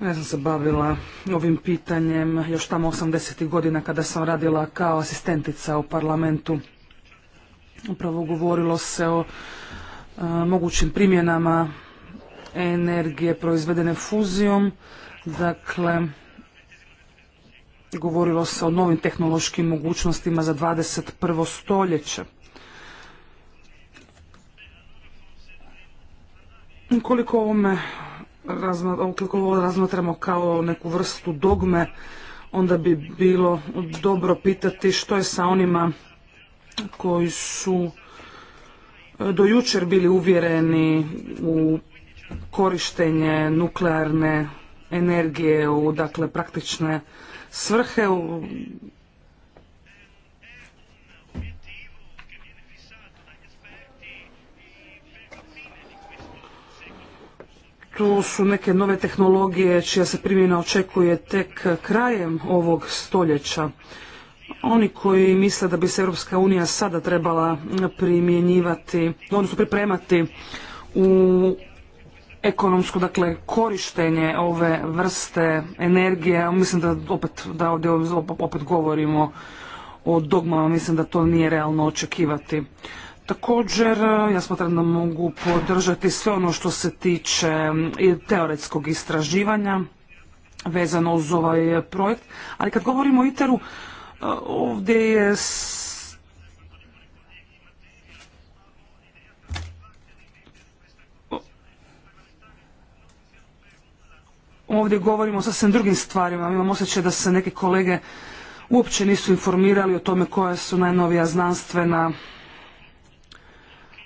S3: Ja sam se bavila ovim pitanjem još tamo 80. godina kada sam radila kao asistentica u parlamentu. Upravo govorilo se o e, mogućim primjenama energije proizvedene fuzijom. Dakle, Govorilo se o novim tehnološkim mogućnostima za 21. stoljeće. Koliko ovome ukoliko ovo razmatramo kao neku vrstu dogme, onda bi bilo dobro pitati što je sa onima koji su e, do jučer bili uvjereni u korištenje nuklearne energije u dakle praktične svrhe u Tu su neke nove tehnologije čija se primjena očekuje tek krajem ovog stoljeća. Oni koji misle da bi se Europska unija sada trebala primjenjivati, odnosno pripremati u ekonomsko dakle korištenje ove vrste energije, mislim da opet da ovdje opet govorimo o dogmama, mislim da to nije realno očekivati. Također, ja smatram da mogu podržati sve ono što se tiče teoretskog istraživanja vezano uz ovaj projekt, ali kad govorimo o iter ovdje je ovdje govorimo o sasvim drugim stvarima. Imam osjećaj da se neke kolege uopće nisu informirali o tome koja su najnovija znanstvena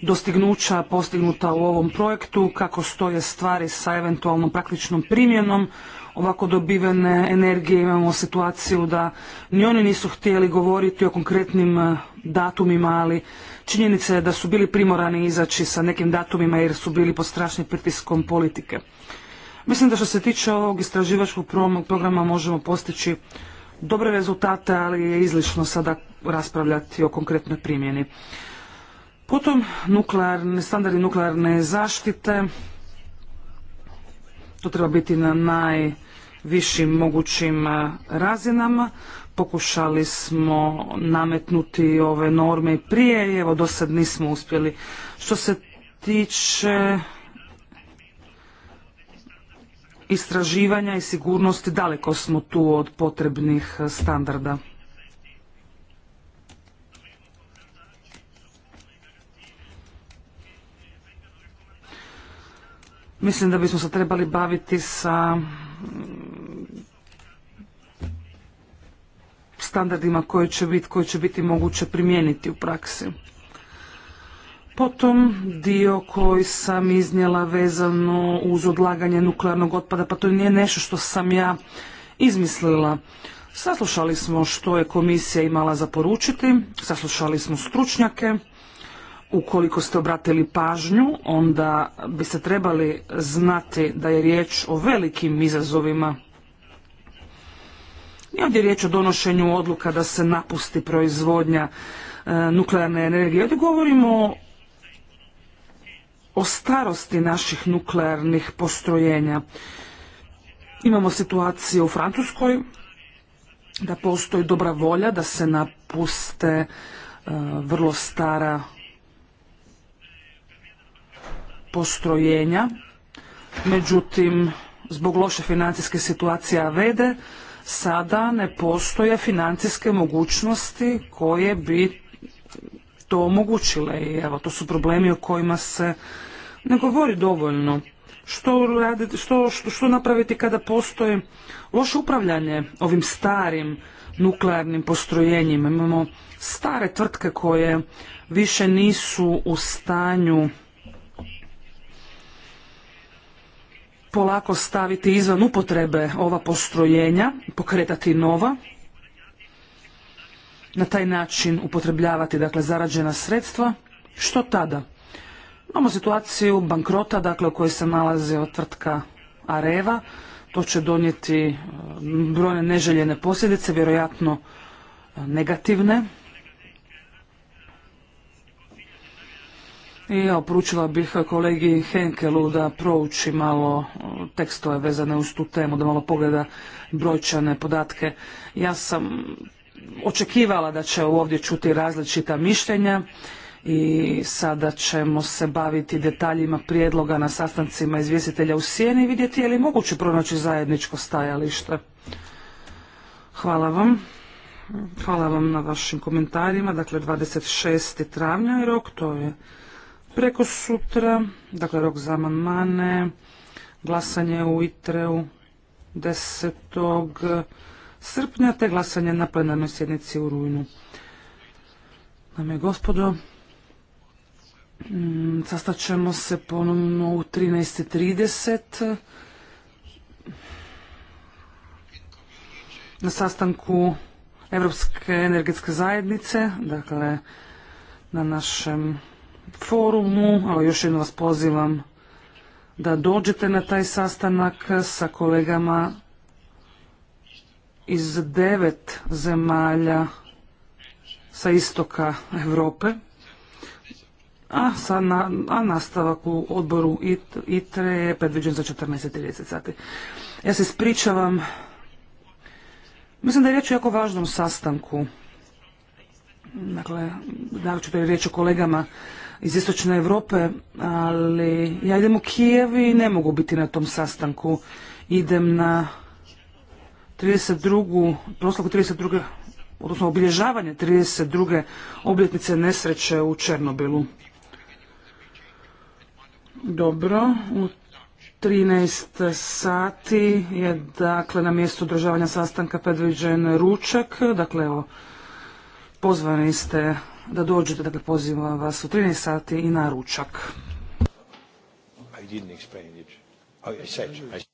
S3: dostignuća postignuta u ovom projektu, kako stoje stvari sa eventualnom praktičnom primjenom ovako dobivene energije. Imamo situaciju da ni oni nisu htjeli govoriti o konkretnim eh, datumima, ali činjenica je da su bili primorani izaći sa nekim datumima jer su bili pod strašnim pritiskom politike. Mislim da što se tiče ovog istraživačkog programa možemo postići dobre rezultate, ali je izlično sada raspravljati o konkretnoj primjeni. Potom nuklearne, standardi nuklearne zaštite, to treba biti na najvišim mogućim e, razinama. Pokušali smo nametnuti ove norme i prije i evo do sad nismo uspjeli. Što se tiče istraživanja i sigurnosti daleko smo tu od potrebnih standarda. Mislim da bismo se trebali baviti sa mm, standardima koje će biti, će biti moguće primijeniti u praksi. Potom dio koji sam iznijela vezano uz odlaganje nuklearnog otpada, pa to nije nešto što sam ja izmislila. Saslušali smo što je komisija imala za poručiti, saslušali smo stručnjake. Ukoliko ste obratili pažnju, onda bi se trebali znati da je riječ o velikim izazovima. Nije ovdje je riječ o donošenju odluka da se napusti proizvodnja e, nuklearne energije. Ovdje govorimo o starosti naših nuklearnih postrojenja. Imamo situaciju u Francuskoj da postoji dobra volja da se napuste e, vrlo stara postrojenja. Međutim, zbog loše financijske situacije AVEDE sada ne postoje financijske mogućnosti koje bi to omogućile i evo, to su problemi o kojima se ne govori dovoljno. Što, raditi, što, što, napraviti kada postoji loše upravljanje ovim starim nuklearnim postrojenjima? Imamo stare tvrtke koje više nisu u stanju polako staviti izvan upotrebe ova postrojenja, pokretati nova na taj način upotrebljavati dakle zarađena sredstva, što tada? Imamo situaciju bankrota dakle u kojoj se nalazi tvrtka Areva, to će donijeti e, brojne neželjene posljedice, vjerojatno e, negativne. I ja oporučila bih kolegi Henkelu da prouči malo e, tekstove vezane uz tu temu, da malo pogleda brojčane podatke. Ja sam očekivala da će ovdje čuti različita mišljenja i sada ćemo se baviti detaljima prijedloga na sastancima izvjestitelja u sjeni i vidjeti je li moguće pronaći zajedničko stajalište. Hvala vam. Hvala vam na vašim komentarima. Dakle, 26. travnja je rok, to je preko sutra. Dakle, rok za amandmane, glasanje u Itreu srpnja te glasanje na plenarnoj sjednici u rujnu. Dame i gospodo, mm, sastat ćemo se ponovno u 13.30 na sastanku Europske energetske zajednice, dakle na našem forumu, ali još jedno vas pozivam da dođete na taj sastanak sa kolegama iz devet zemalja sa istoka Europe, a, a nastavak u odboru ITRE je predviđen za 14.30 sati. Ja se ispričavam. Mislim da je riječ o jako važnom sastanku. Dakle, naročito je riječ o kolegama iz Istočne Europe, ali ja idem u Kijev i ne mogu biti na tom sastanku. Idem na 32. proslavu 32. odnosno obilježavanje 32. obljetnice nesreće u Černobilu. Dobro, u 13 sati je dakle na mjestu održavanja sastanka predviđen ručak, dakle evo, pozvani ste da dođete, dakle pozivam vas u 13 sati i na ručak.
S1: Oh,